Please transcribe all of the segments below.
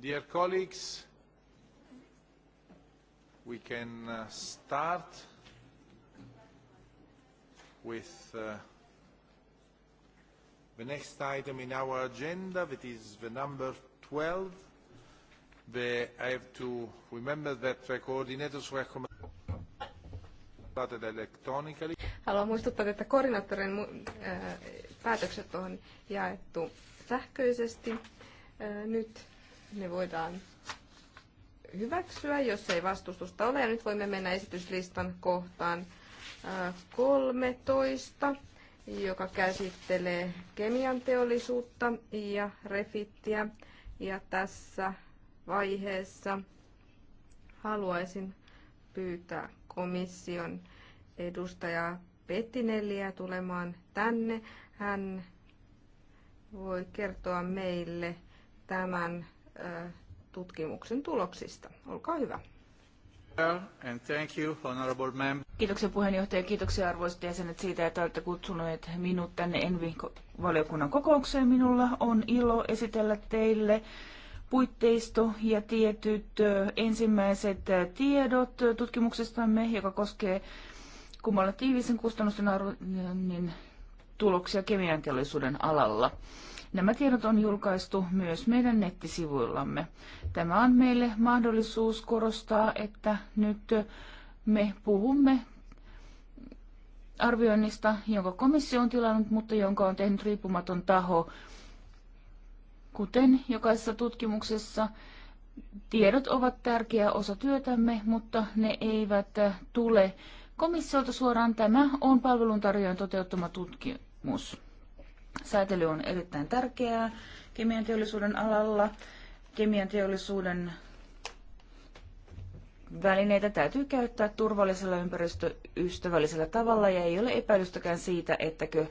Dear colleagues, we can uh, start with uh, the next item in our agenda, that is the number 12. The, I have to remember that the coordinators recommend Haluan muistuttaa, että koordinaattorin äh, päätökset on jaettu sähköisesti. Äh, nyt ne voidaan hyväksyä, jos ei vastustusta ole. Ja nyt voimme mennä esityslistan kohtaan 13, joka käsittelee kemian teollisuutta ja refittiä. Ja tässä vaiheessa haluaisin pyytää komission edustajaa Petinelliä tulemaan tänne. Hän voi kertoa meille tämän tutkimuksen tuloksista. Olkaa hyvä. And thank you, honorable Kiitoksia puheenjohtaja, kiitoksia arvoisat jäsenet siitä, että olette kutsuneet minut tänne Envi-valiokunnan kokoukseen. Minulla on ilo esitellä teille puitteisto ja tietyt ensimmäiset tiedot tutkimuksestamme, joka koskee kumulatiivisen kustannusten arvioinnin tuloksia kemianteollisuuden alalla. Nämä tiedot on julkaistu myös meidän nettisivuillamme. Tämä on meille mahdollisuus korostaa, että nyt me puhumme arvioinnista, jonka komissio on tilannut, mutta jonka on tehnyt riippumaton taho. Kuten jokaisessa tutkimuksessa, tiedot ovat tärkeä osa työtämme, mutta ne eivät tule komissiolta suoraan. Tämä on palveluntarjoajan toteuttama tutkimus. Säätely on erittäin tärkeää kemian teollisuuden alalla. Kemian teollisuuden välineitä täytyy käyttää turvallisella ympäristöystävällisellä tavalla ja ei ole epäilystäkään siitä, ettäkö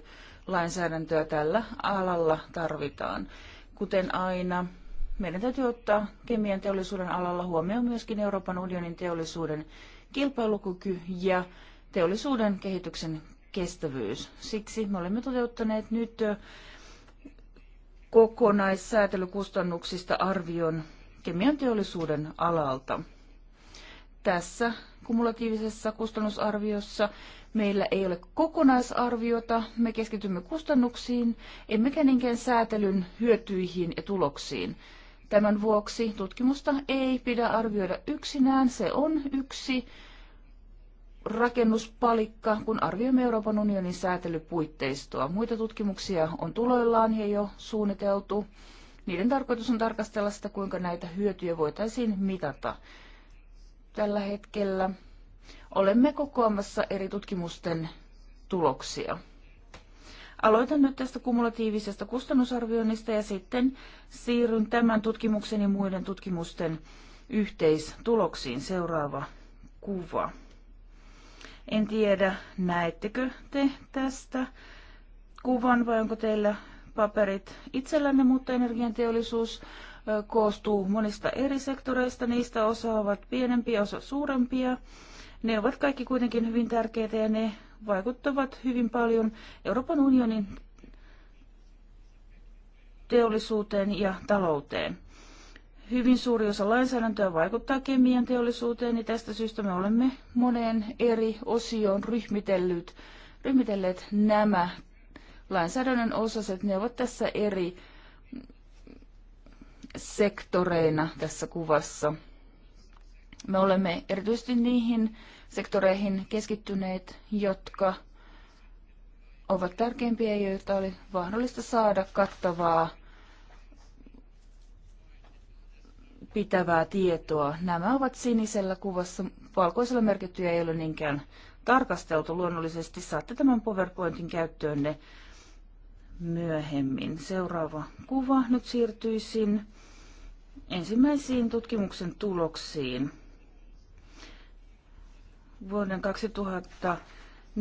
lainsäädäntöä tällä alalla tarvitaan. Kuten aina, meidän täytyy ottaa kemian teollisuuden alalla huomioon myöskin Euroopan unionin teollisuuden kilpailukyky ja teollisuuden kehityksen kestävyys. Siksi me olemme toteuttaneet nyt kokonaissäätelykustannuksista arvion kemian teollisuuden alalta. Tässä kumulatiivisessa kustannusarviossa meillä ei ole kokonaisarviota, me keskitymme kustannuksiin, emmekä niinkään säätelyn hyötyihin ja tuloksiin. Tämän vuoksi tutkimusta ei pidä arvioida yksinään, se on yksi rakennuspalikka, kun arvioimme Euroopan unionin säätelypuitteistoa. Muita tutkimuksia on tuloillaan ja jo suunniteltu. Niiden tarkoitus on tarkastella sitä, kuinka näitä hyötyjä voitaisiin mitata. Tällä hetkellä olemme kokoamassa eri tutkimusten tuloksia. Aloitan nyt tästä kumulatiivisesta kustannusarvioinnista ja sitten siirryn tämän tutkimuksen ja muiden tutkimusten yhteistuloksiin. Seuraava kuva. En tiedä, näettekö te tästä kuvan vai onko teillä paperit itsellänne, mutta energianteollisuus koostuu monista eri sektoreista. Niistä osa ovat pienempiä, osa suurempia. Ne ovat kaikki kuitenkin hyvin tärkeitä ja ne vaikuttavat hyvin paljon Euroopan unionin teollisuuteen ja talouteen hyvin suuri osa lainsäädäntöä vaikuttaa kemian teollisuuteen, niin tästä syystä me olemme moneen eri osioon ryhmitellyt, ryhmitelleet nämä lainsäädännön osaset. Ne ovat tässä eri sektoreina tässä kuvassa. Me olemme erityisesti niihin sektoreihin keskittyneet, jotka ovat tärkeimpiä, joita oli mahdollista saada kattavaa pitävää tietoa. Nämä ovat sinisellä kuvassa, valkoisella merkittyjä ei ole niinkään tarkasteltu. Luonnollisesti saatte tämän PowerPointin käyttöönne myöhemmin. Seuraava kuva. Nyt siirtyisin ensimmäisiin tutkimuksen tuloksiin. Vuoden 2004-2014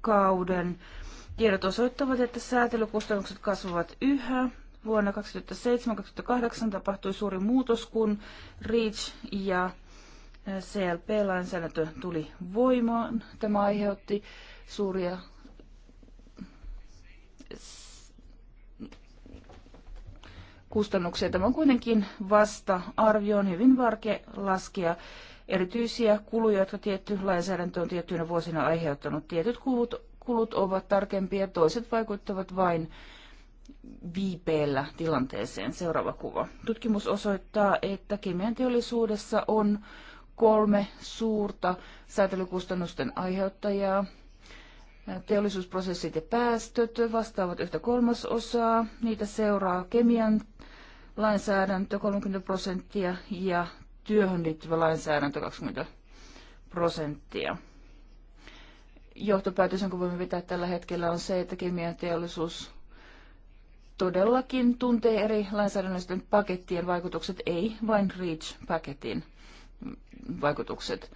kauden tiedot osoittavat, että säätelykustannukset kasvavat yhä Vuonna 2007-2008 tapahtui suuri muutos, kun REACH ja eh, CLP-lainsäädäntö tuli voimaan. Tämä aiheutti suuria kustannuksia. Tämä on kuitenkin vasta arvioon hyvin varke laskea erityisiä kuluja, jotka tietty lainsäädäntö on tiettyinä vuosina aiheuttanut. Tietyt kulut, kulut ovat tarkempia, toiset vaikuttavat vain viipeellä tilanteeseen. Seuraava kuva. Tutkimus osoittaa, että kemian teollisuudessa on kolme suurta säätelykustannusten aiheuttajaa. Teollisuusprosessit ja päästöt vastaavat yhtä kolmasosaa. Niitä seuraa kemian lainsäädäntö 30 prosenttia ja työhön liittyvä lainsäädäntö 20 prosenttia. Johtopäätös, jonka voimme vetää tällä hetkellä, on se, että kemian teollisuus todellakin tuntee eri lainsäädännöllisten pakettien vaikutukset, ei vain REACH-paketin vaikutukset.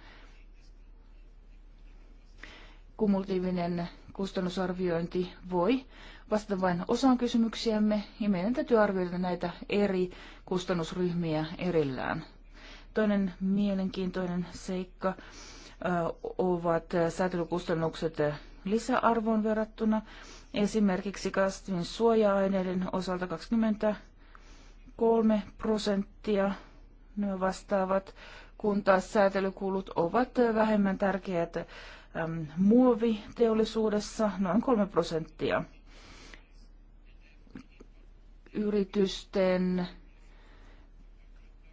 Kumultiivinen kustannusarviointi voi vastata vain osaan kysymyksiämme, ja meidän täytyy arvioida näitä eri kustannusryhmiä erillään. Toinen mielenkiintoinen seikka ovat säätelykustannukset lisäarvoon verrattuna. Esimerkiksi kasvin suoja-aineiden osalta 23 prosenttia ne vastaavat, kun taas säätelykulut ovat vähemmän tärkeät muoviteollisuudessa noin 3 prosenttia. Yritysten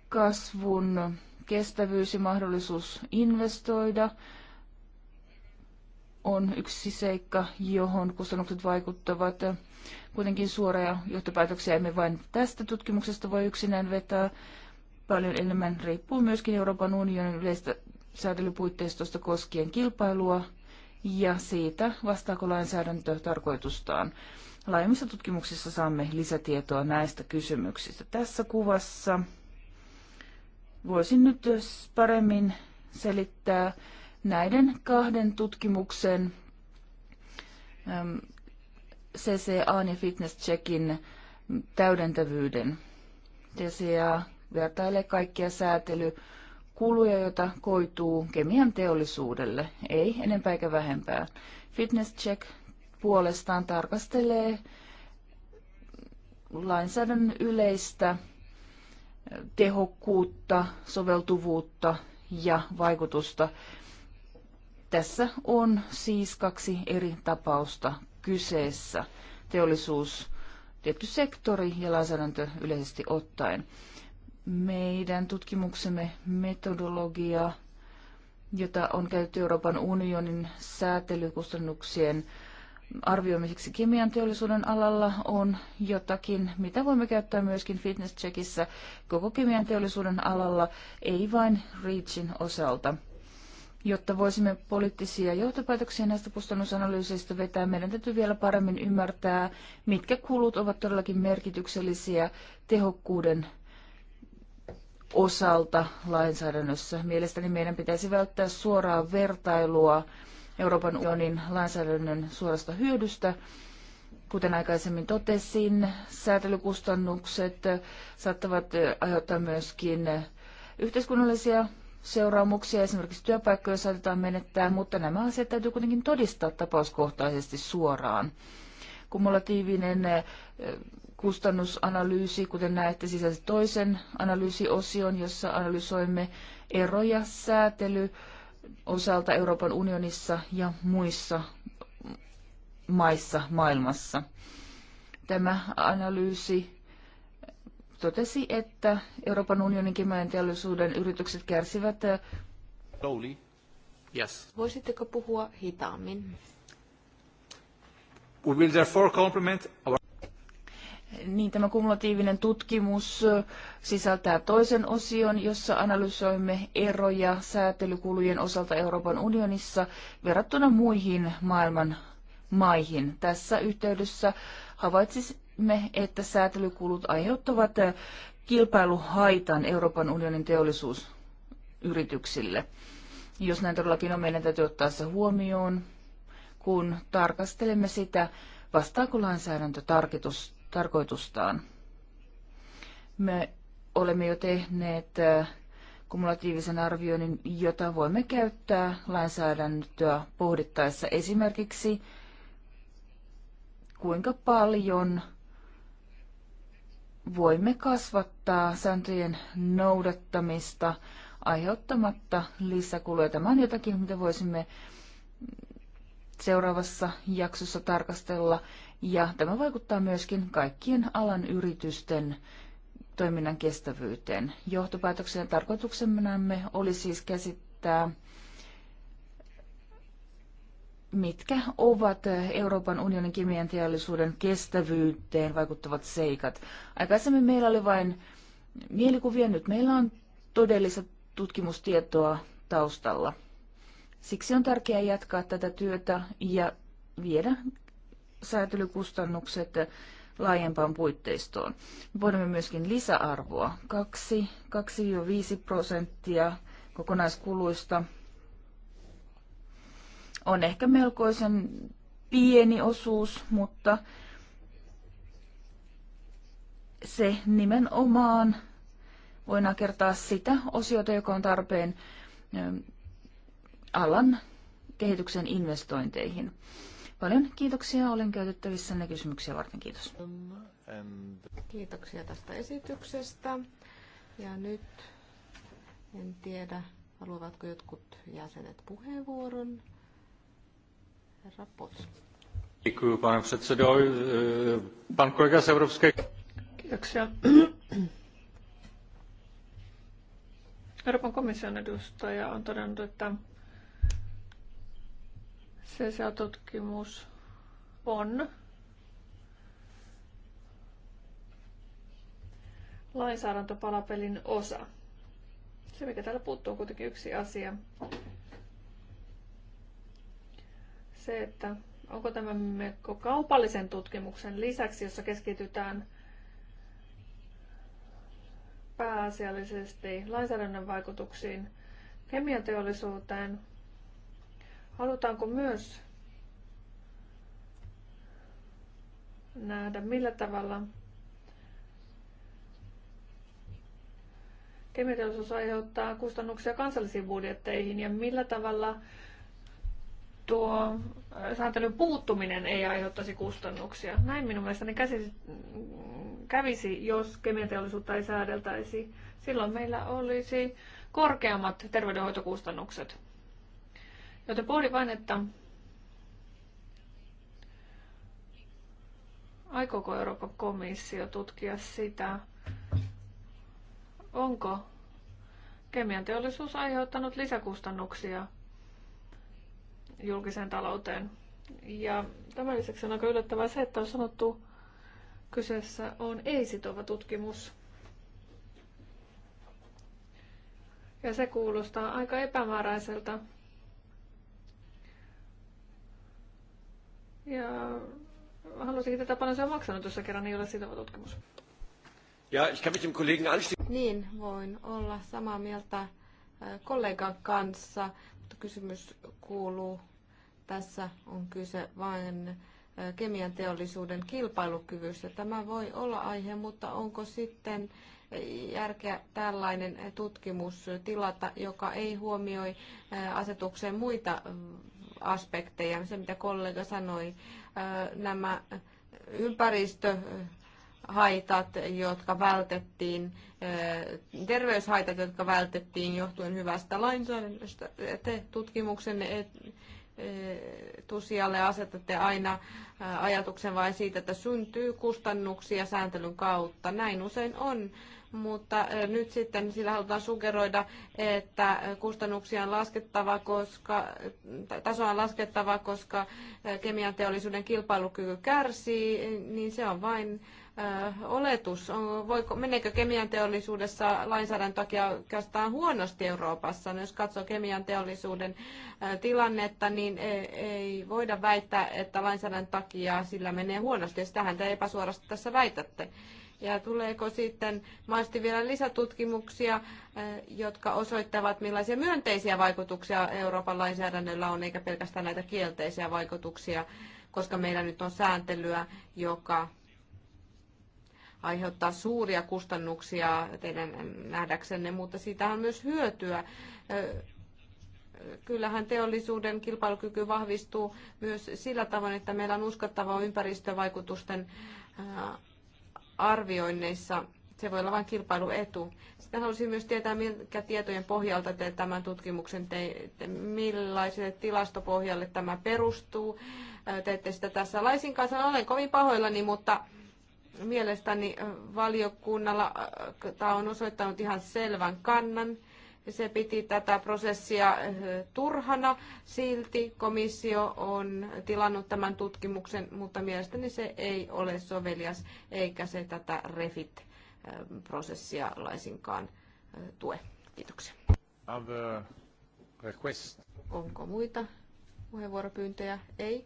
kasvun kestävyys ja mahdollisuus investoida on yksi seikka, johon kustannukset vaikuttavat. Kuitenkin suoria johtopäätöksiä emme vain tästä tutkimuksesta voi yksinään vetää. Paljon enemmän riippuu myöskin Euroopan unionin yleistä säätelypuitteistosta koskien kilpailua ja siitä, vastaako lainsäädäntö tarkoitustaan. Laajemmissa tutkimuksissa saamme lisätietoa näistä kysymyksistä. Tässä kuvassa voisin nyt paremmin selittää näiden kahden tutkimuksen CCA ja Fitness Checkin täydentävyyden. TCA vertailee kaikkia säätelykuluja, joita koituu kemian teollisuudelle, ei enempää eikä vähempää. Fitness Check puolestaan tarkastelee lainsäädännön yleistä tehokkuutta, soveltuvuutta ja vaikutusta. Tässä on siis kaksi eri tapausta kyseessä. Teollisuus, tietty sektori ja lainsäädäntö yleisesti ottaen. Meidän tutkimuksemme metodologia, jota on käytetty Euroopan unionin säätelykustannuksien arvioimiseksi kemian teollisuuden alalla on jotakin, mitä voimme käyttää myöskin fitness checkissä koko kemian teollisuuden alalla, ei vain REACHin osalta jotta voisimme poliittisia johtopäätöksiä näistä kustannusanalyyseistä vetää, meidän täytyy vielä paremmin ymmärtää, mitkä kulut ovat todellakin merkityksellisiä tehokkuuden osalta lainsäädännössä. Mielestäni meidän pitäisi välttää suoraa vertailua Euroopan unionin lainsäädännön suorasta hyödystä. Kuten aikaisemmin totesin, säätelykustannukset saattavat aiheuttaa myöskin yhteiskunnallisia seuraamuksia, esimerkiksi työpaikkoja saatetaan menettää, mutta nämä asiat täytyy kuitenkin todistaa tapauskohtaisesti suoraan. Kumulatiivinen eh, kustannusanalyysi, kuten näette, sisälsi toisen analyysiosion, jossa analysoimme eroja säätely osalta Euroopan unionissa ja muissa maissa maailmassa. Tämä analyysi totesi, että Euroopan unionin kemian teollisuuden yritykset kärsivät. Slowly. Yes. Voisitteko puhua hitaammin? We will therefore complement our... Niin, tämä kumulatiivinen tutkimus sisältää toisen osion, jossa analysoimme eroja säätelykulujen osalta Euroopan unionissa verrattuna muihin maailman maihin. Tässä yhteydessä havaitsis, me, että säätelykulut aiheuttavat äh, kilpailuhaitan Euroopan unionin teollisuusyrityksille. Jos näin todellakin on, meidän täytyy ottaa se huomioon, kun tarkastelemme sitä, vastaako lainsäädäntö tarkoitustaan. Me olemme jo tehneet äh, kumulatiivisen arvioinnin, jota voimme käyttää lainsäädäntöä pohdittaessa esimerkiksi, kuinka paljon – voimme kasvattaa sääntöjen noudattamista aiheuttamatta lisäkuluja. Tämä on jotakin, mitä voisimme seuraavassa jaksossa tarkastella. Ja tämä vaikuttaa myöskin kaikkien alan yritysten toiminnan kestävyyteen. Johtopäätöksen tarkoituksenamme oli siis käsittää mitkä ovat Euroopan unionin teollisuuden kestävyyteen vaikuttavat seikat. Aikaisemmin meillä oli vain mielikuvia, nyt meillä on todellista tutkimustietoa taustalla. Siksi on tärkeää jatkaa tätä työtä ja viedä säätelykustannukset laajempaan puitteistoon. Voimme myöskin lisäarvoa 2-5 prosenttia kokonaiskuluista on ehkä melkoisen pieni osuus, mutta se nimenomaan voi nakertaa sitä osiota, joka on tarpeen ähm, alan kehityksen investointeihin. Paljon kiitoksia, olen käytettävissä ne kysymyksiä varten. Kiitos. Kiitoksia tästä esityksestä. Ja nyt en tiedä, haluavatko jotkut jäsenet puheenvuoron. Herra Pots. Děkuji, pane předsedo. Pan kolega z Evropské... Kiitoksia. Euroopan komission edustaja on todennut, että cca tutkimus on lainsäädäntöpalapelin osa. Se, mikä täällä puuttuu, on kuitenkin yksi asia, se, että onko tämä Mekko kaupallisen tutkimuksen lisäksi, jossa keskitytään pääasiallisesti lainsäädännön vaikutuksiin kemianteollisuuteen, halutaanko myös nähdä, millä tavalla kemianteollisuus aiheuttaa kustannuksia kansallisiin budjetteihin ja millä tavalla tuo äh, sääntelyn puuttuminen ei aiheuttaisi kustannuksia. Näin minun mielestäni käsisi, kävisi, jos kemianteollisuutta ei säädeltäisi. Silloin meillä olisi korkeammat terveydenhoitokustannukset. Joten pohdin vain, että aikooko Euroopan komissio tutkia sitä, onko kemianteollisuus aiheuttanut lisäkustannuksia – julkiseen talouteen. Ja tämän lisäksi on aika yllättävää se, että on sanottu, kyseessä on ei-sitova tutkimus. Ja se kuulostaa aika epämääräiseltä. Ja haluaisinkin tätä paljon se on maksanut, jos kerran ei ole sitova tutkimus. Ja, ich kann mich dem Kollegen Niin, voin olla samaa mieltä äh, kollegan kanssa, mutta kysymys kuuluu, tässä on kyse vain kemian teollisuuden kilpailukyvystä. Tämä voi olla aihe, mutta onko sitten järkeä tällainen tutkimus tilata, joka ei huomioi asetuksen muita aspekteja. Se, mitä kollega sanoi, nämä ympäristöhaitat, jotka vältettiin, terveyshaitat, jotka vältettiin johtuen hyvästä lainsäädännöstä. Te tutkimuksenne tusialle asetatte aina ajatuksen vain siitä, että syntyy kustannuksia sääntelyn kautta. Näin usein on, mutta nyt sitten sillä halutaan sugeroida, että kustannuksia on laskettava, koska, tasoa on laskettava, koska kemian teollisuuden kilpailukyky kärsii, niin se on vain oletus? On, voiko, meneekö kemian teollisuudessa lainsäädännön takia oikeastaan huonosti Euroopassa? No, jos katsoo kemian teollisuuden tilannetta, niin e, ei voida väittää, että lainsäädännön takia sillä menee huonosti. Ja sitähän te epäsuorasti tässä väitätte. Ja tuleeko sitten mahdollisesti vielä lisätutkimuksia, jotka osoittavat, millaisia myönteisiä vaikutuksia Euroopan lainsäädännöllä on, eikä pelkästään näitä kielteisiä vaikutuksia, koska meillä nyt on sääntelyä, joka aiheuttaa suuria kustannuksia teidän nähdäksenne, mutta siitä on myös hyötyä. Kyllähän teollisuuden kilpailukyky vahvistuu myös sillä tavoin, että meillä on uskottava ympäristövaikutusten arvioinneissa. Se voi olla vain kilpailuetu. Sitten haluaisin myös tietää, minkä tietojen pohjalta te tämän tutkimuksen teitte, millaiselle tilastopohjalle tämä perustuu. Teette sitä tässä laisinkaan. Olen kovin pahoillani, mutta Mielestäni valiokunnalla tämä on osoittanut ihan selvän kannan. Se piti tätä prosessia turhana. Silti komissio on tilannut tämän tutkimuksen, mutta mielestäni se ei ole sovelias eikä se tätä REFIT-prosessia laisinkaan tue. Kiitoksia. Onko muita puheenvuoropyyntöjä? Ei.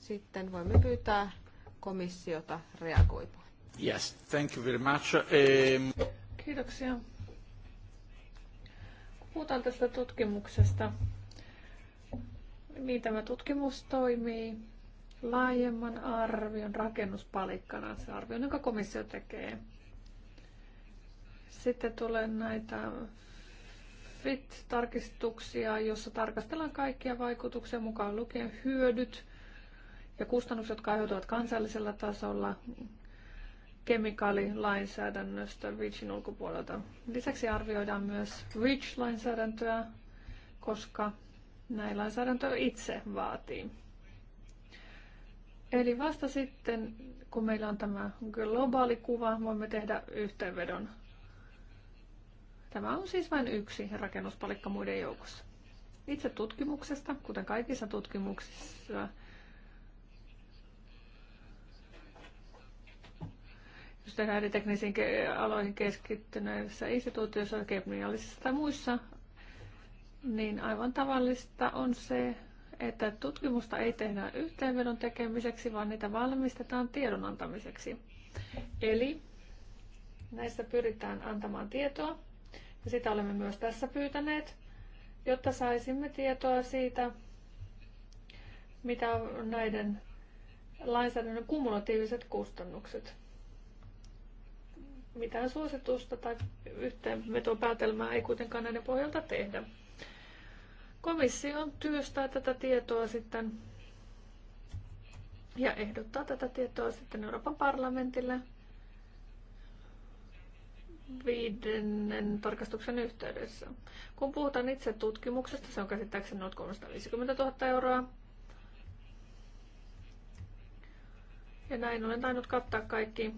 Sitten voimme pyytää komissiota reagoimaan. Yes, thank you very much. Um... Kiitoksia. Puhutaan tästä tutkimuksesta. Niin tämä tutkimus toimii laajemman arvion rakennuspalikkana, se arvio, jonka komissio tekee. Sitten tulee näitä FIT-tarkistuksia, jossa tarkastellaan kaikkia vaikutuksia mukaan lukien hyödyt, ja kustannukset, jotka aiheutuvat kansallisella tasolla kemikaalilainsäädännöstä REACHin ulkopuolelta. Lisäksi arvioidaan myös REACH-lainsäädäntöä, koska näin lainsäädäntö itse vaatii. Eli vasta sitten, kun meillä on tämä globaali kuva, voimme tehdä yhteenvedon. Tämä on siis vain yksi rakennuspalikka muiden joukossa. Itse tutkimuksesta, kuten kaikissa tutkimuksissa, jos tehdään eri aloihin keskittyneissä instituutioissa, kemiallisissa tai muissa, niin aivan tavallista on se, että tutkimusta ei tehdä yhteenvedon tekemiseksi, vaan niitä valmistetaan tiedon antamiseksi. Eli näissä pyritään antamaan tietoa, ja sitä olemme myös tässä pyytäneet, jotta saisimme tietoa siitä, mitä näiden lainsäädännön kumulatiiviset kustannukset mitään suositusta tai yhteenvetopäätelmää ei kuitenkaan näiden pohjalta tehdä. Komissio on työstää tätä tietoa sitten ja ehdottaa tätä tietoa sitten Euroopan parlamentille viidennen tarkastuksen yhteydessä. Kun puhutaan itse tutkimuksesta, se on käsittääkseni noin 350 000 euroa. Ja näin olen tainnut kattaa kaikki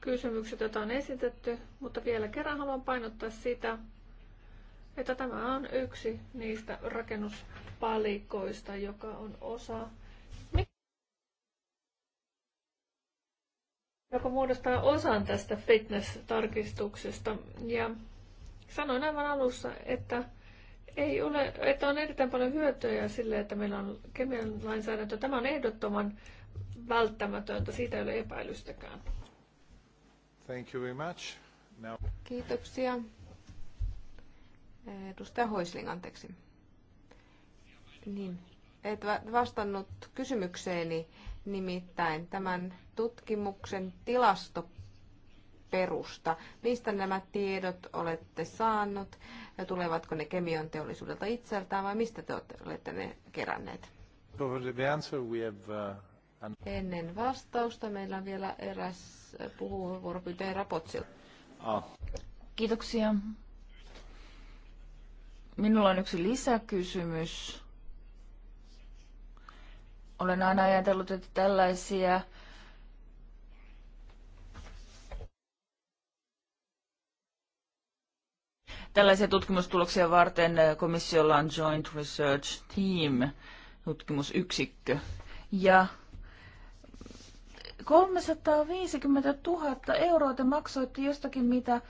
kysymykset, joita on esitetty, mutta vielä kerran haluan painottaa sitä, että tämä on yksi niistä rakennuspalikoista, joka on osa, joka muodostaa osan tästä fitness-tarkistuksesta. Ja sanoin aivan alussa, että ei ole, että on erittäin paljon hyötyjä sille, että meillä on kemian lainsäädäntö. Tämä on ehdottoman välttämätöntä, siitä ei ole epäilystäkään. Thank you very much. Now... Kiitoksia. Edustaja Hoisling, anteeksi. Niin, et vastannut kysymykseeni nimittäin tämän tutkimuksen tilasto perusta. Mistä nämä tiedot olette saanut? Ja tulevatko ne kemion teollisuudelta itseltään vai mistä te olette ne keränneet? The answer we have uh, Ennen vastausta meillä on vielä eräs puheenvuoropyyntö herra Potsilta. Kiitoksia. Minulla on yksi lisäkysymys. Olen aina ajatellut, että tällaisia Tällaisia tutkimustuloksia varten komissiolla on Joint Research Team, tutkimusyksikkö. Ja 350 000 euroa te maksoitte jostakin, mitä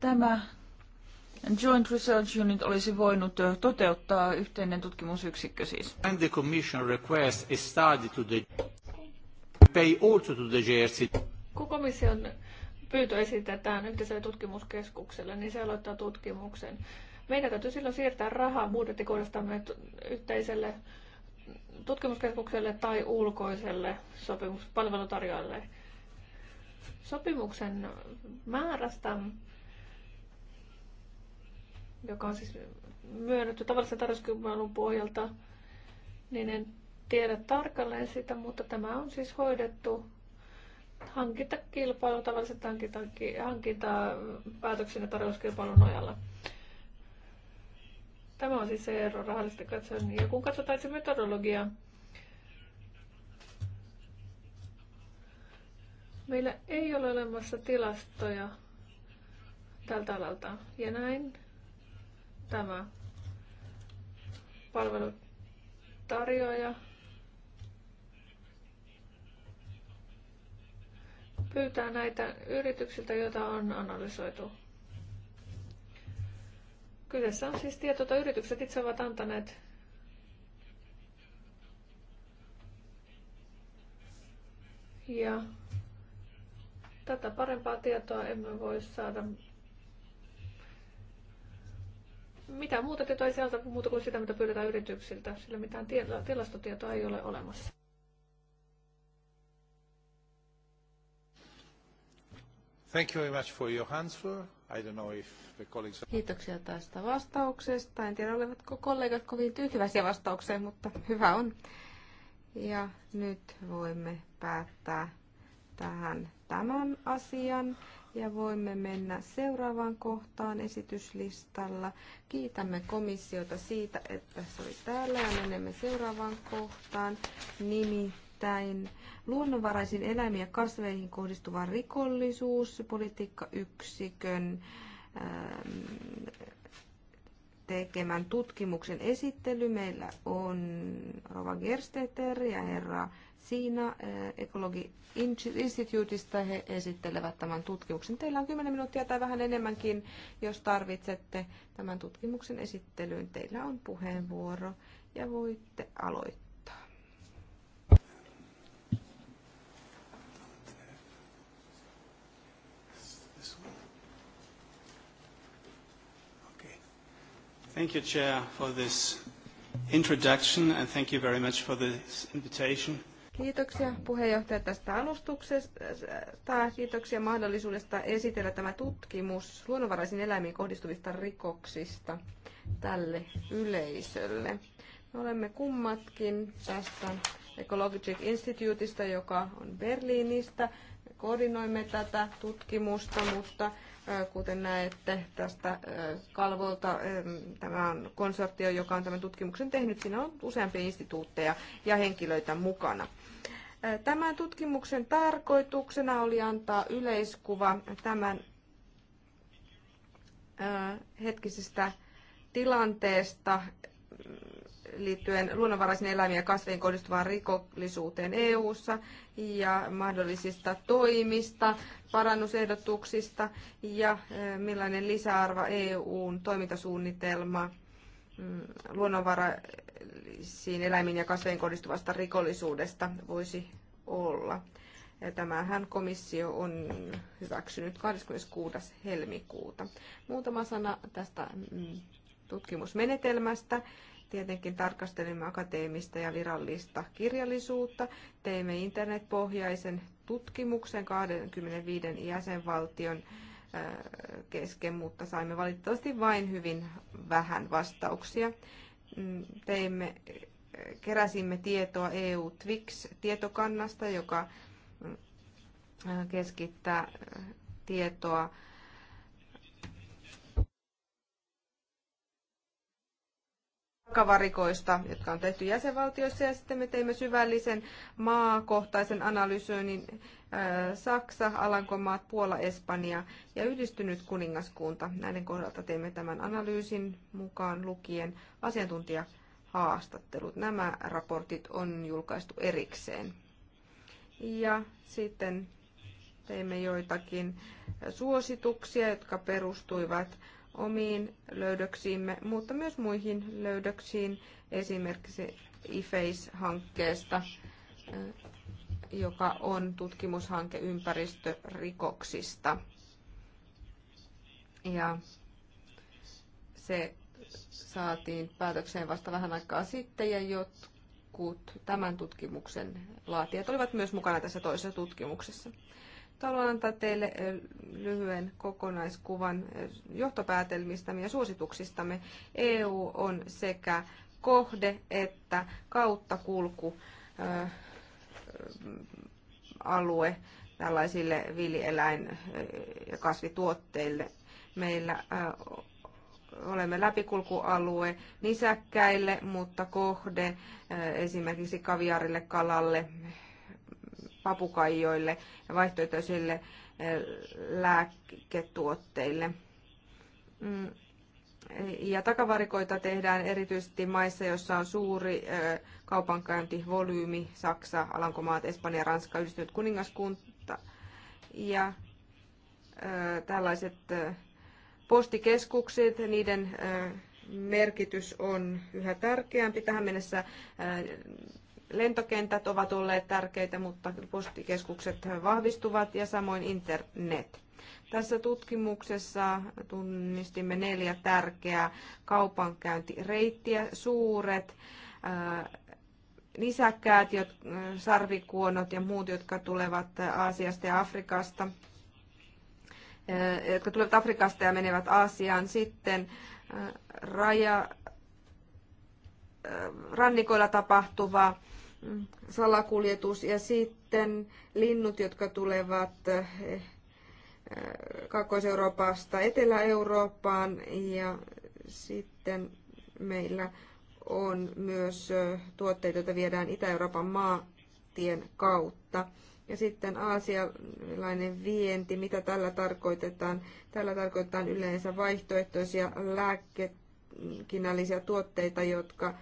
tämä Joint Research Unit olisi voinut toteuttaa, yhteinen tutkimusyksikkö siis. And the commission request a study to the pay also to the GRC. Kun komission pyyntö esitetään yhteiselle tutkimuskeskukselle, niin se aloittaa tutkimuksen. Meidän täytyy silloin siirtää rahaa budjettikohdastamme yhteiselle tutkimuskeskukselle tai ulkoiselle sopimuspalvelutarjoajalle. Sopimuksen määrästä, joka on siis myönnetty tavallisen tarjouskilpailun pohjalta, niin en tiedä tarkalleen sitä, mutta tämä on siis hoidettu hankintakilpailu, tavalliset hankinta, hankintapäätöksen ja tarjouskilpailun nojalla. Tämä on siis se ero rahallisesti katsoen. Ja kun katsotaan se metodologia, meillä ei ole olemassa tilastoja tältä alalta. Ja näin tämä palvelutarjoaja pyytää näitä yrityksiltä, joita on analysoitu. Kyseessä on siis tieto, että yritykset itse ovat antaneet Ja tätä parempaa tietoa emme voi saada. Mitä muuta tietoa ei sieltä muuta kuin sitä, mitä pyydetään yrityksiltä, sillä mitään tilastotietoa ei ole olemassa. Thank you very much for your answer. I don't know if the colleagues... Kiitoksia tästä vastauksesta. En tiedä, olivatko kollegat kovin tyytyväisiä vastaukseen, mutta hyvä on. Ja nyt voimme päättää tähän tämän asian ja voimme mennä seuraavaan kohtaan esityslistalla. Kiitämme komissiota siitä, että se oli täällä ja menemme seuraavaan kohtaan, nimittäin luonnonvaraisiin eläimiin ja kasveihin kohdistuva rikollisuus, politiikkayksikön ähm, tekemän tutkimuksen esittely. Meillä on Rova Gersteter ja herra Siina äh, Ekologi Instituutista. He esittelevät tämän tutkimuksen. Teillä on 10 minuuttia tai vähän enemmänkin, jos tarvitsette tämän tutkimuksen esittelyyn. Teillä on puheenvuoro ja voitte aloittaa. Thank you, Chair, for this introduction and thank you very much for this invitation. Kiitoksia puheenjohtaja tästä alustuksesta. Kiitoksia mahdollisuudesta esitellä tämä tutkimus luonnonvaraisiin eläimiin kohdistuvista rikoksista tälle yleisölle. Me olemme kummatkin tästä Ecologic Instituutista, joka on Berliinistä. Koordinoimme tätä tutkimusta, mutta Kuten näette tästä kalvolta, tämä on konsortio, joka on tämän tutkimuksen tehnyt. Siinä on useampia instituutteja ja henkilöitä mukana. Tämän tutkimuksen tarkoituksena oli antaa yleiskuva tämän hetkisestä tilanteesta liittyen luonnonvaraisiin eläimiin ja kasveihin kohdistuvaan rikollisuuteen EU:ssa ja mahdollisista toimista, parannusehdotuksista ja millainen lisäarvo EUn toimintasuunnitelma mm, luonnonvaraisiin eläimiin ja kasveihin kohdistuvasta rikollisuudesta voisi olla. Ja tämähän komissio on hyväksynyt 26. helmikuuta. Muutama sana tästä mm, tutkimusmenetelmästä Tietenkin tarkastelimme akateemista ja virallista kirjallisuutta, teimme internetpohjaisen tutkimuksen 25 jäsenvaltion kesken, mutta saimme valitettavasti vain hyvin vähän vastauksia. Mm, teimme, keräsimme tietoa EU-TWIX-tietokannasta, joka mm, keskittää tietoa takavarikoista, jotka on tehty jäsenvaltioissa, ja sitten me teimme syvällisen maakohtaisen analysoinnin äh, Saksa, Alankomaat, Puola, Espanja ja yhdistynyt kuningaskunta. Näiden kohdalta teimme tämän analyysin mukaan lukien asiantuntijahaastattelut. Nämä raportit on julkaistu erikseen. Ja sitten teimme joitakin suosituksia, jotka perustuivat omiin löydöksiimme, mutta myös muihin löydöksiin, esimerkiksi IFACE-hankkeesta, eh, joka on tutkimushanke ympäristörikoksista. Ja se saatiin päätökseen vasta vähän aikaa sitten ja jotkut tämän tutkimuksen laatijat olivat myös mukana tässä toisessa tutkimuksessa. Haluan antaa teille lyhyen kokonaiskuvan johtopäätelmistämme ja suosituksistamme. EU on sekä kohde että kauttakulku alue tällaisille viljeläin- ja kasvituotteille. Meillä olemme läpikulkualue nisäkkäille, mutta kohde esimerkiksi kaviarille, kalalle, papukaijoille ja vaihtoehtoisille eh, lääketuotteille. Mm, ja takavarikoita tehdään erityisesti maissa, joissa on suuri eh, kaupankäyntivolyymi, Saksa, Alankomaat, Espanja, Ranska, Yhdistynyt kuningaskunta. Ja eh, tällaiset postikeskukset, niiden merkitys on yhä tärkeämpi. Tähän mennessä Lentokentät ovat olleet tärkeitä, mutta postikeskukset vahvistuvat ja samoin internet. Tässä tutkimuksessa tunnistimme neljä tärkeää kaupankäyntireittiä. Suuret äh, nisäkkäät, sarvikuonot ja muut, jotka tulevat Aasiasta ja Afrikasta, äh, jotka tulevat Afrikasta ja menevät Aasiaan. Sitten äh, raja, rannikoilla tapahtuva salakuljetus ja sitten linnut, jotka tulevat eh, Kaakkois-Euroopasta Etelä-Eurooppaan ja sitten meillä on myös eh, tuotteita, joita viedään Itä-Euroopan maatien kautta. Ja sitten aasialainen vienti, mitä tällä tarkoitetaan? Tällä tarkoitetaan yleensä vaihtoehtoisia lääkekinnallisia tuotteita, jotka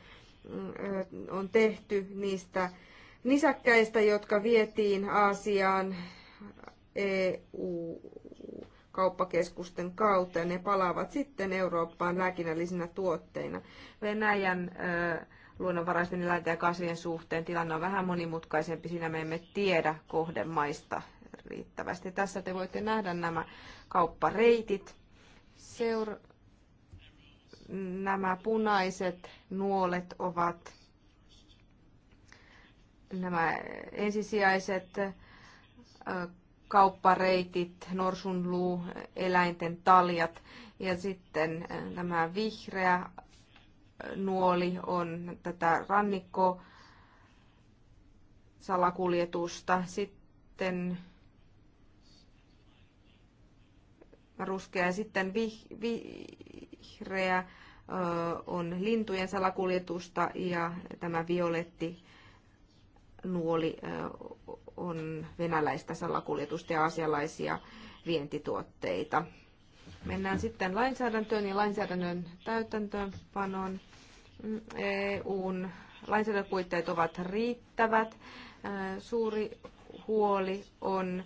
on tehty niistä nisäkkäistä, jotka vietiin Aasiaan EU-kauppakeskusten kautta ja ne palaavat sitten Eurooppaan lääkinnällisinä tuotteina. Venäjän luonnonvaraisten eläinten ja kasvien suhteen tilanne on vähän monimutkaisempi, siinä me emme tiedä kohdemaista riittävästi. Tässä te voitte nähdä nämä kauppareitit. Seura- nämä punaiset nuolet ovat nämä ensisijaiset kauppareitit, norsunluu, eläinten taljat ja sitten nämä vihreä nuoli on tätä rannikko salakuljetusta. Sitten ruskea ja sitten vih, vi, vihreä on lintujen salakuljetusta ja tämä violetti nuoli on venäläistä salakuljetusta ja asialaisia vientituotteita. Mennään sitten lainsäädäntöön ja lainsäädännön täytäntöönpanoon. EUn lainsäädäntöpuitteet ovat riittävät. Suuri huoli on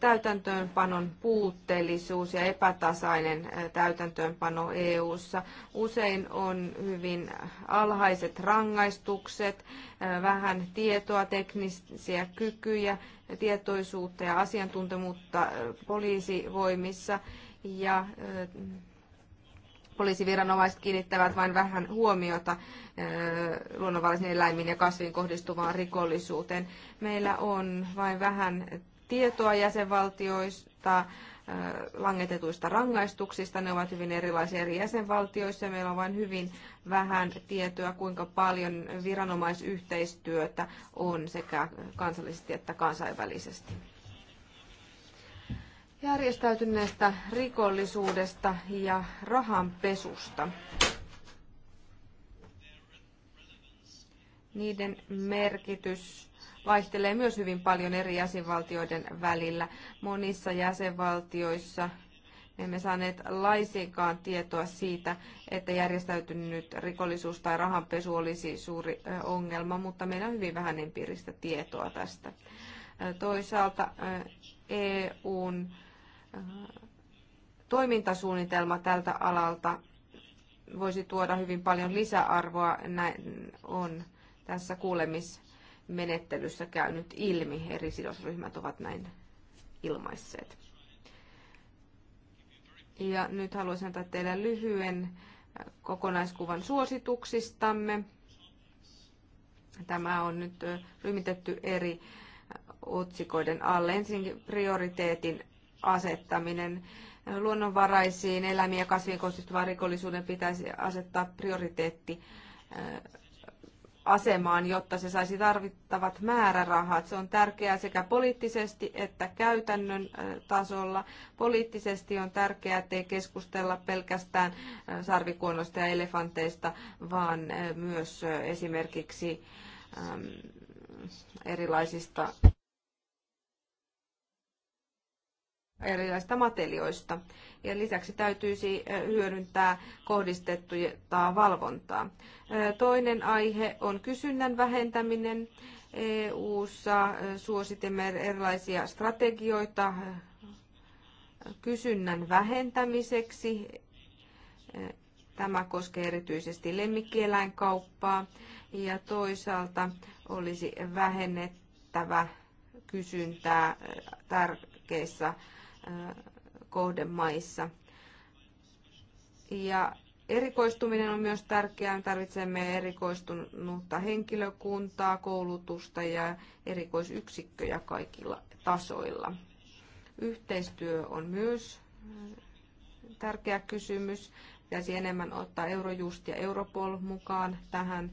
täytäntöönpanon puutteellisuus ja epätasainen täytäntöönpano EU:ssa. Usein on hyvin alhaiset rangaistukset, vähän tietoa, teknisiä kykyjä, tietoisuutta ja asiantuntemuutta poliisivoimissa ja poliisiviranomaiset kiinnittävät vain vähän huomiota luonnonvaraisiin eläimiin ja kasviin kohdistuvaan rikollisuuteen. Meillä on vain vähän tietoa jäsenvaltioista langetetuista rangaistuksista. Ne ovat hyvin erilaisia eri jäsenvaltioissa. Meillä on vain hyvin vähän tietoa, kuinka paljon viranomaisyhteistyötä on sekä kansallisesti että kansainvälisesti. Järjestäytyneestä rikollisuudesta ja rahanpesusta. Niiden merkitys vaihtelee myös hyvin paljon eri jäsenvaltioiden välillä. Monissa jäsenvaltioissa me emme saaneet laisinkaan tietoa siitä, että järjestäytynyt rikollisuus tai rahanpesu olisi suuri ongelma, mutta meillä on hyvin vähän empiiristä tietoa tästä. Toisaalta EUn toimintasuunnitelma tältä alalta voisi tuoda hyvin paljon lisäarvoa. Näin on tässä kuulemis menettelyssä käynyt ilmi. Eri sidosryhmät ovat näin ilmaisseet. Ja nyt haluaisin antaa teille lyhyen äh, kokonaiskuvan suosituksistamme. Tämä on nyt äh, ryhmitetty eri äh, otsikoiden alle. Ensin prioriteetin asettaminen. Luonnonvaraisiin eläimiin ja kasvien kohdistuvan rikollisuuden pitäisi asettaa prioriteetti asemaan, jotta se saisi tarvittavat määrärahat. Se on tärkeää sekä poliittisesti että käytännön tasolla. Poliittisesti on tärkeää, ettei keskustella pelkästään sarvikuonosta ja elefanteista, vaan myös esimerkiksi erilaisista erilaisista matelioista. Ja lisäksi täytyisi hyödyntää kohdistettuja valvontaa. Toinen aihe on kysynnän vähentäminen. EU-ssa suositimme erilaisia strategioita kysynnän vähentämiseksi. Tämä koskee erityisesti lemmikkieläinkauppaa ja toisaalta olisi vähennettävä kysyntää tärkeissä Äh, kohdemaissa. Ja erikoistuminen on myös tärkeää. Tarvitsemme erikoistunutta henkilökuntaa, koulutusta ja erikoisyksikköjä kaikilla tasoilla. Yhteistyö on myös äh, tärkeä kysymys. Pitäisi enemmän ottaa Eurojust ja Europol mukaan tähän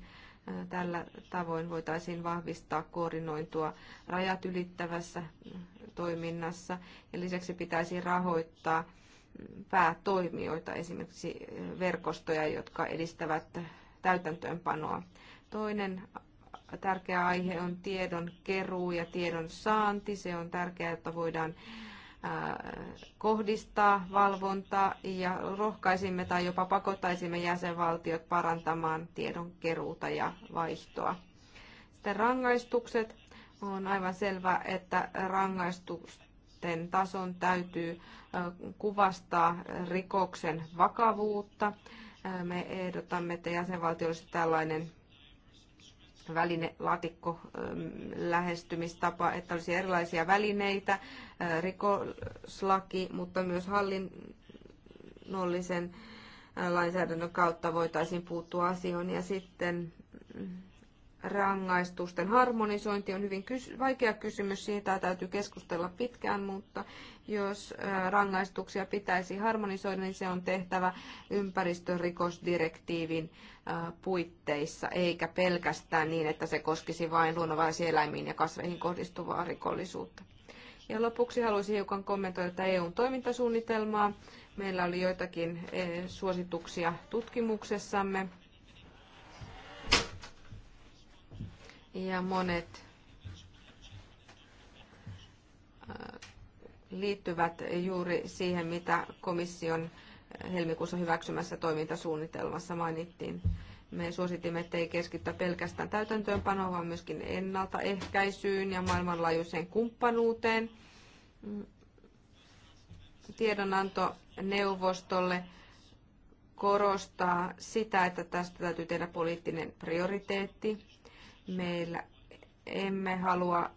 Tällä tavoin voitaisiin vahvistaa koordinointua rajat ylittävässä mm, toiminnassa ja lisäksi pitäisi rahoittaa mm, päätoimijoita, esimerkiksi verkostoja, jotka edistävät täytäntöönpanoa. Toinen tärkeä aihe on tiedon keruu ja tiedon saanti. Se on tärkeää, että voidaan kohdistaa valvontaa ja rohkaisimme tai jopa pakottaisimme jäsenvaltiot parantamaan tiedon keruuta ja vaihtoa. Sitten rangaistukset. On aivan selvää, että rangaistusten tason täytyy kuvastaa rikoksen vakavuutta. Me ehdotamme, että jäsenvaltioissa tällainen välinelaatikko ähm, lähestymistapa, että olisi erilaisia välineitä, äh, rikoslaki, mutta myös hallinnollisen äh, lainsäädännön kautta voitaisiin puuttua asioihin ja sitten mm, rangaistusten harmonisointi on hyvin kysy- vaikea kysymys, siitä täytyy keskustella pitkään, mutta jos rangaistuksia pitäisi harmonisoida, niin se on tehtävä ympäristörikosdirektiivin puitteissa, eikä pelkästään niin, että se koskisi vain luonnonvaraisiin eläimiin ja kasveihin kohdistuvaa rikollisuutta. Ja lopuksi haluaisin hiukan kommentoida tätä EUn toimintasuunnitelmaa. Meillä oli joitakin e, suosituksia tutkimuksessamme ja monet äh, liittyvät juuri siihen, mitä komission äh, helmikuussa hyväksymässä toimintasuunnitelmassa mainittiin. Me suositimme, että ei keskittyä pelkästään täytäntöönpanoon, vaan myöskin ennaltaehkäisyyn ja maailmanlaajuiseen kumppanuuteen. Tiedonanto neuvostolle korostaa sitä, että tästä täytyy tehdä poliittinen prioriteetti. Meillä emme halua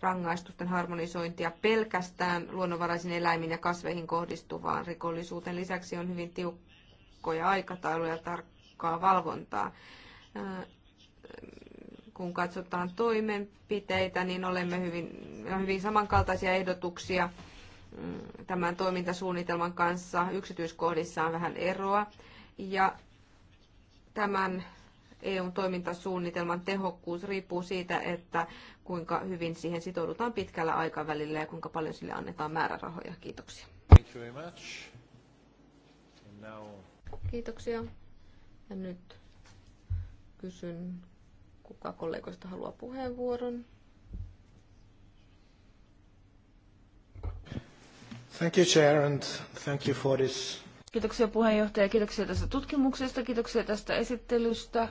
rangaistusten harmonisointia pelkästään luonnonvaraisiin eläimiin ja kasveihin kohdistuvaan rikollisuuteen. Lisäksi on hyvin tiukkoja aikatauluja ja tarkkaa valvontaa. Kun katsotaan toimenpiteitä, niin olemme hyvin, on hyvin samankaltaisia ehdotuksia tämän toimintasuunnitelman kanssa. Yksityiskohdissa on vähän eroa. Ja tämän eu toimintasuunnitelman tehokkuus riippuu siitä, että kuinka hyvin siihen sitoudutaan pitkällä aikavälillä ja kuinka paljon sille annetaan määrärahoja. Kiitoksia. Now... Kiitoksia. Ja nyt kysyn, kuka kollegoista haluaa puheenvuoron. Thank you, Chair, and thank you for this Kiitoksia puheenjohtaja, kiitoksia tästä tutkimuksesta, kiitoksia tästä esittelystä.